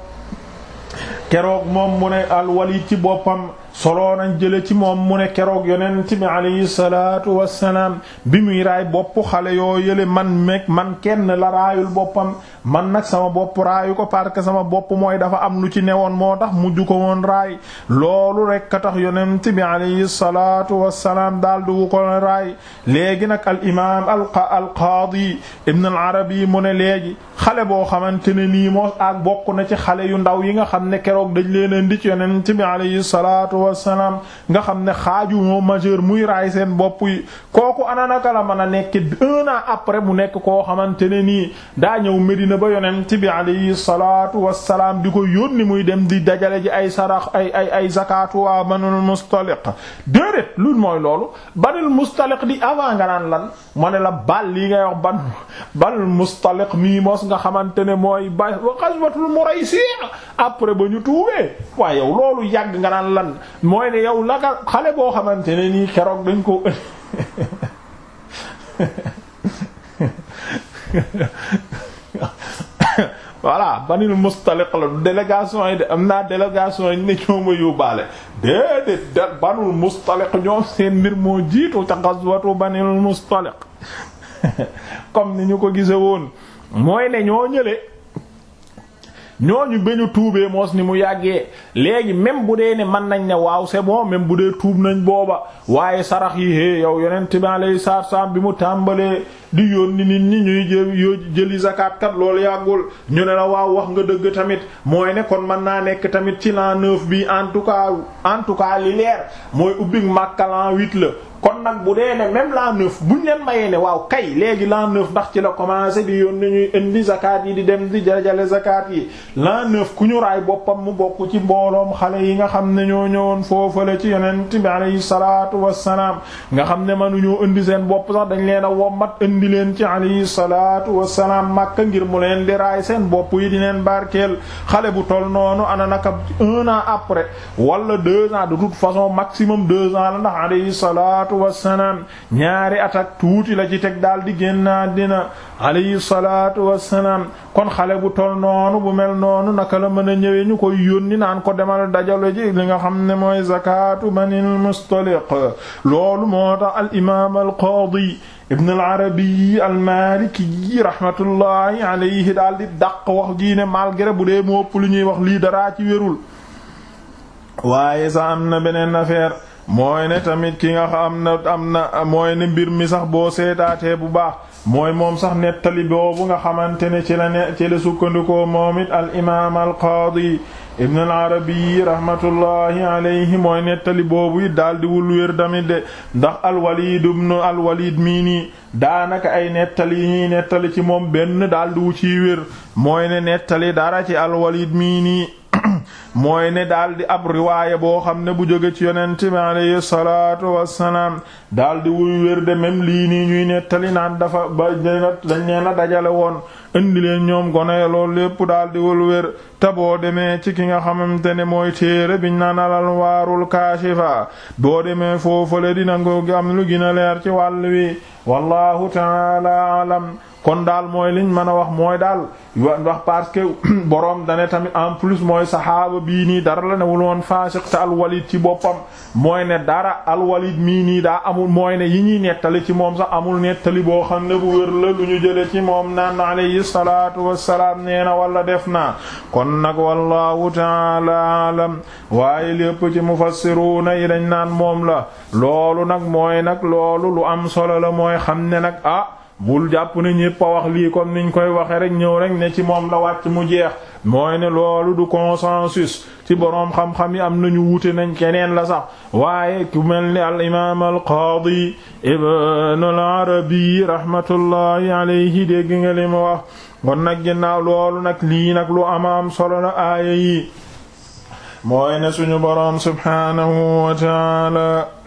keroog moom mu ne al Walid ci boppam soloo nañ jële ci moom mu ne keroog yonent bi alayhi salaatu wassalaam bi muy raay bopp xale yoo yële man meeg man kenn la raayul boppam man nag sama bopp raayu ko parce que sama bopp mooy dafa am lu ci newoon moo tax mujj ko woon raay loolu rek a tax yonent bi alayhi salaatu wassalaam daal du ko raay léegi nag al imaam al al qaadi ibn al arabi mu ne léegi xale boo xamante ne nii moo ak bokk na ci xale yu ndaw yi nga xam ne keroog dañ leen indi ci yonent bi wasalaam nga xam ne xaaju moo majeur muy raay bopp yi kooku ananaka la mën a nekk un mu nekk koo xamante ne nii daa ñëw Medina ba yonent bi alayhi salaatu wasalaam di ko yónni muy dem di dajale ji ay sarax ay ay ay zakatu waa banul lu mooy loolu banul mustaliq di avant nga lan ma ne la lii ngay wax ban banul mustaliq mii mos nga xamante ne mooy ba xaswatul ba ñu tuubee waaye yow loolu yàgg nga naan lan mooy ne yow la xale boo xamante ne nii keroog dañ ko voilà banil mustaliq la délégation yi de am naa délégation yi ne ñoo ma yóbbaale déedéet de banul mustaliq ñoom seen mbir moo jiitu ca xaswatu banil mustaliq comme ni ñu ko gise woon mooy ne ñoo ñële ñooñu ba ñu tuubee moos ni mu yàggee léegi même bu dee ne mën nañ ne waaw c'est bon même bu dee tuub nañ booba waaye sarax yi hé yow yonent bi alayhi salaatu salaam bi mu tàmbalee di yónni nit ñi ñuy jël jëli zakat kat loolu yàggul ñu ne la waaw wax nga dëgg tamit mooy ne kon mën naa nekk tamit ci l'an neuf bi en tout cas en tout cas li mooy ubbi Makka l'an huit la kon nag bu dee ne même l'an neuf buñ leen mayee ne waaw kay léegi l'an ndax ci la commencé di yoon nañuy indi zakat yi di dem di jajale zakat yi l'an ku ñu raay boppam mu bokk ci mbooloom xale yi nga xam ne ñoo ñëwoon foofale ci yonent bi alayhi salaatu wassalaam nga xam ne mënuñoo indi seen bopp sax dañ leen a wommat indi leen ci alayhi salaatu wassalaam Makka ngir mu leen di seen bopp yi di leen barkeel xale bu tol noonu ana naka un an wassalaam ñaari at ak tuuti la ci teg daal di génn àddina alayhi salaatu wassalaam kon xale bu tol noonu bu mel noonu naka la mën a ñëwee ñu koy yónni naan ko demal dajalo ji li nga xam ne mooy zakatu banil mustaliq loolu moo tax al imaam al qaadi ibn al arabi al maliki rahmatullahi alayhi dàq wax jii ne malgré bu dee mu ëpp lu ñuy wax lii daraa ci wérul waaye sa am na beneen affaire mooy ne tamit ki nga am na am na mooy ne mbir mi sax boo seetaatee bu baax mooy moom sax nettali boobu nga xamante ne ci la ne ci la sukkandikoo moom it al imaam al qaadi ibn al arabi rahmatullahi alayhi mooy nettali boobu it daal di wul wér tamit de ndax al walid ibn al walid mii nii daanaka ay nettali yi ñuy nettali ci moom benn daal di wu ciy wér mooy ne nettali dara ci al walid mii nii mooy ne daal di ab riwaaya boo xam ne bu jóge ci yonent bi alayhi salaatu wassalaam daal di wuy wér de même lii nii ñuy nettali naan dafa ba dañ leen a dajale woon indi leen ñoom gone ya lépp daal di wal wér te boo demee ci ki nga xamante ne mooy téere biñ naan alal waarul kaashifa boo demee foofale dina ko am lu gën leer ci wàll wi wallahu taala alam kon daal mooy liñ mën a wax mooy daal wax parce que borom dane tamit en plus mooy saxaaba bii nii dara la ne wul woon faasiq te alwalid ci boppam mooy ne dara alwalid mii nii daa amul mooy ne yi ñuy nettali ci moom sax amul nettali boo xam ne bu wér la lu ñu jële salaatu wassalaam nee na wala def naa kon nag wallahu taala alam waaye lépp ci mufassiruuna yi dañ naan moom la loolu nag mooy nag loolu lu am solo la mooy xam ne nag ah bul jàpp ne ñépp a wax lii kon niñ koy waxe rek ñëw rek ne ci moom la wàcc mu jeex mooy ne loolu du consensus ci boroom xam-xam yi am nañu wuute nañ keneen la sax waaye ku mel ni al imaam al qaadi ibn al arabi rahmatullahi alayhi dégg nga li mu wax kon nag ginnaaw loolu nag lii nag lu amaam solo la aaya yi mooy ne suñu boroom subhaanahu wa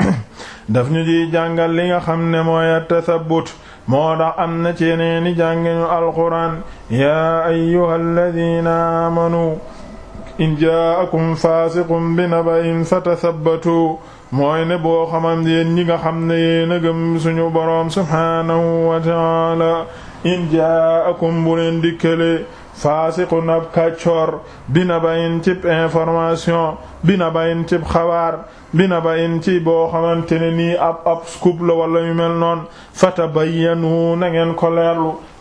daf ñu ciy jàngal li nga xam ne mooy at-tathabbut moo tax am na ci yeneeni jàngeñu alquran yaa ayyuha alladina amanu in jaakum faasiqun bi naba'in fatathabbatu mooy ne boo xamam yéen ñi nga xam ne yéen a gëm suñu boroom subhaanahu wa ta'ala in jaakum bu leen dikkale faasiqun ab kàccoor bi naba'in cib information bi naba'in cib xabaar bi naba'in ci boo xamante ne nii ab ab scoop la wala yu mel noon fatabayyanu na ngeen ko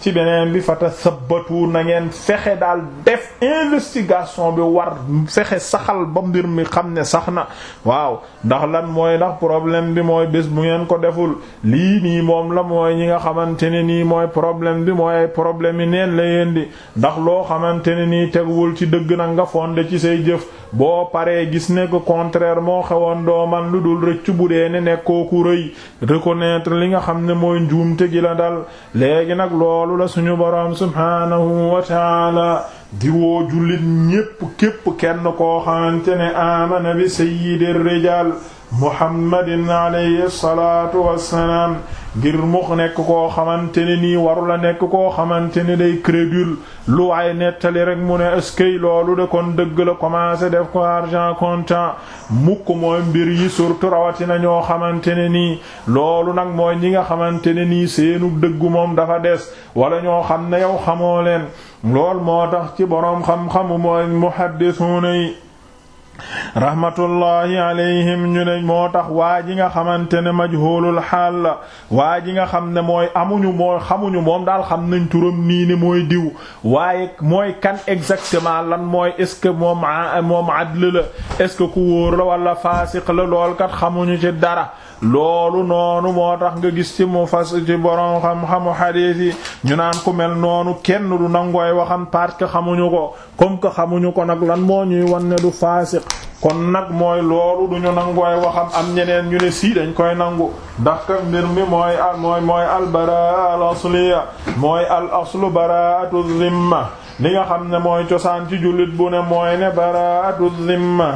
ci beneen bi fata sabbatu na ngeen fexe daal def investigation bi war fexe saxal ba mbir mi xam ne sax na waaw ndax lan mooy ndax problème bi mooy bés bu ngeen ko deful lii nii moom la mooy ñi nga xamante ne nii mooy problème bi mooy ay problème yi neen la yéen di ndax loo xamante ne nii teguwul ci dëgg nag nga fonde ci say jëf boo paree gis ne ko contraire moo xewoon doo lu dul rëccu bu dee ne nekkoo ku rëy reconnaître li nga xam ne mooy njuumte gi la dal léegi nag loolu la suñu boroom subhaanahu wa taala di woo jullit ñépp képp kenn koo xamante ne amana bi sayyidil rijal muhammadin alayhi salaatu wassalaam ngir mu nekk koo xamante ne nii waru la nekk koo xamante ni day crédule lu waaye nettali rek mu ne eskay loolu de kon dëgg la commencé def ko argent comptant mukk mooy mbir yi surtout rawatina ñoo xamante ne nii loolu nag mooy ñi nga xamante ne nii seenu dëggu moom dafa des wala ñoo xam ne yow xamoo leen lool moo tax ci boroom xam-xamu mooy muhaddisuuna yi rahmatullahi alayhim ñu ne moo tax waa ji nga xamante ne majhuulul xaal la waa ji nga xam ne mooy amuñu mooy xamuñu moom daal xam nañ turam nii ni mooy diw waaye mooy kan exactement lan mooy est-ce que moom moom adl la est-ce que ku la lool kat xamuñu ci dara loolu noonu moo tax nga gis ci mu fas ci borom xam-xamu xadiis ñu naan ku mel noonu kenn du nangooy waxam parce que xamuñu ko comme que xamuñu ko nag lan moo ñuy wan ne du faasiq kon nag mooy loolu duñu nangooy waxam am ñeneen ñu ne sii koy nangu ndax ka mbir mi mooy mooy mooy al bara al asliya mooy al aslu baraatu zimma li nga xam ne mooy cosaan ci jullit bu ne mooy ne baraatu zimma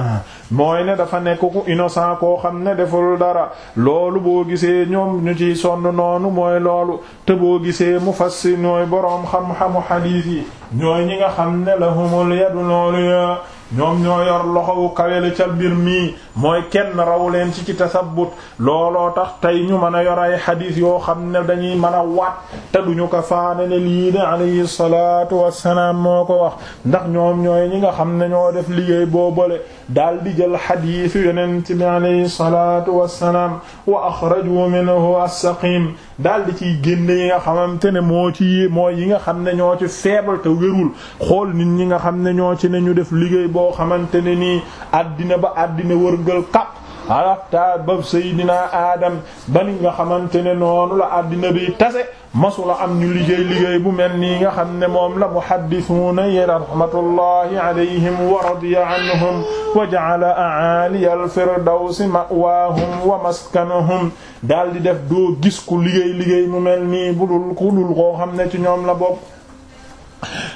mooy ne dafa nekk ku innocent koo xam ne deful dara loolu boo gisee ñoom ñu ciy sonn noonu mooy loolu te boo gisee mu fassi ñooy boroom xam-xamu xadiis yi ñooy ñi nga xam ne lahumul yadul ulya ñoom ñoo yor loxowu kawela ca mbir mii mooy kenn raw leen ci ci tasabbut looloo tax tey ñu mën a yor ay xadiis yoo xam ne dañuy mën a waat te duñu ko faane ne lii de alayhi salaatu wassalaam moo ko wax ndax ñoom ñooy ñi nga xam ne ñoo def liggéey boobale daal di jël xadiisu yonent bi alayhi salaatu wassalaam wa axraju minhu as-saqim daal di ciy génne yi nga xamante ne moo ci mooy yi nga xam ne ñoo ci faible te wérul xool nit ñi nga xam ne ñoo ci ne ñu def liggéey boo xamante ne nii addina ba addina wërngal kap alafta ba Seydina Adam ba nga xamante ne noonu la addina bi tase masula am ñu liggéey liggéey bu mel nii nga xam ne moom la muhaddisuuna yi rahmatullahi alayhim wa radiya anhum wa ja'ala a'ali al-firdawsi ma'waahum wa maskanahum daal di def doo gis ku liggéey liggéey mu mel nii bu dul ku dul koo xam ne ci ñoom la bopp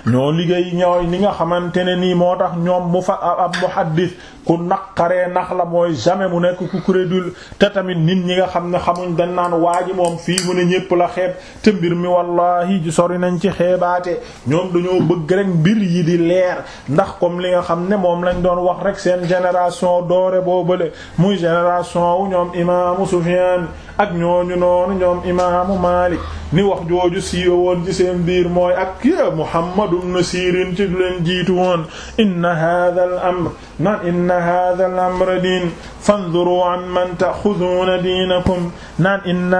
ñoo liggéey ñooy li nga xamante ne nii moo tax ñoom mu fa ab muhaddis ku naqaree nax la mooy jamais mu nekk ku crédule te tamit nit ñi nga xam ne xamuñ dañ naan waa moom fii mu ne ñépp la xeeb te mbir mi wallahi ji sori nañ ci xeebaate ñoom dañoo bëgg rek mbir yi di leer ndax comme li nga xam ne moom lañ doon wax rek seen génération doore boobale muy génération wu ñoom imaamu Sufyaan ak ñooñu noonu ñoom imaamu Maalik ni wax jooju siiwe woon ci seen biir mooy Muhammad ibn Sirin ci leen jiitu woon inna hadha al amr naan inna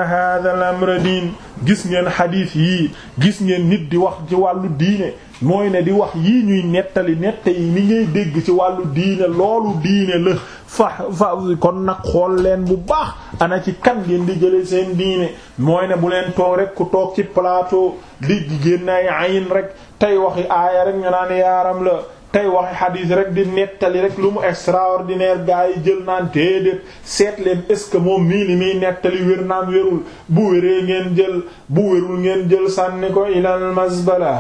hadha gis ngeen xadiis gis ngeen nit di wax ci wàllu diine di wax yii ñuy nettali nette yi ni ngay dégg ci wàllu diine loolu diine la fa fa kon nag xool leen bu baax ana ci kan di jëlee seen diine mooy ne bu leen toog rek ku toog ci plateau di génn ay ayin rek tey waxi aaya rek ñu naan yaaram la tey waxi xadiis rek di nettali rek lu mu extraordinaire gaa jël naan déedéet seet leen ce que moom mii li muy nettali wér naam wérul bu wéree ngeen jël bu wérul ngeen jël sànni ko ilal masbala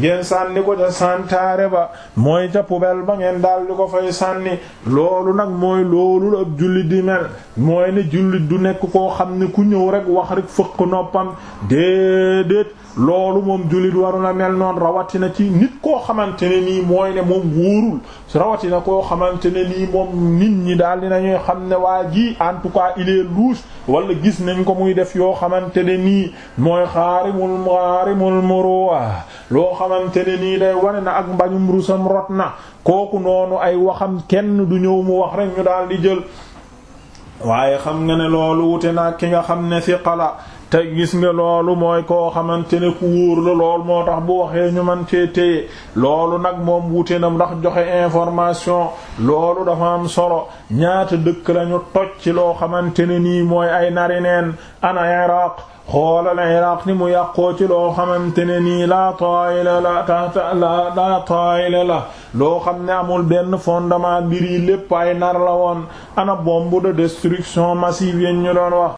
ngeen sànni ko ca santaare ba mooy ca poubelle ba ngeen daal di ko fay sànni loolu nag mooy loolu ab jullit di mel mooy ne jullit du nekk koo xam ni ku ñëw rek wax rek fëq noppam déedéet loolu moom jullit waru na mel noonu rawatina ci nit koo xamante ne nii mooy ne moom wóorul rawatina koo xamante ne nii moom nit ñi daal di dinañuy xam ne waa ji en tout cas il wala gis nañ ko muy def yoo xamante ne nii mooy xaarimul xaarimul muruwa loo xamante ne nii day wane na ak mbañum rusam rot na kooku noonu ay waxam kenn du ñëw mu wax rek ñu daal di jël waaye xam nga ne loolu wute na ki nga xam ne fi qala te gis nga loolu mooy koo xamante ne ku la lool moo tax bu waxee ñu man cee téye loolu nag moom wuute na ndax joxe information loolu dafa am solo ñaata dëkk lañu toj ci loo xamante ne nii mooy ay nari neen ana Iraq xoolal Iraq ni mu yàqoo ci loo xamante ne nii laa taayila la tata la laa taayila la loo xam ne amul benn fondement mbir yi lépp ay nar la woon ana bombe de destruction massive yeen ñu doon wax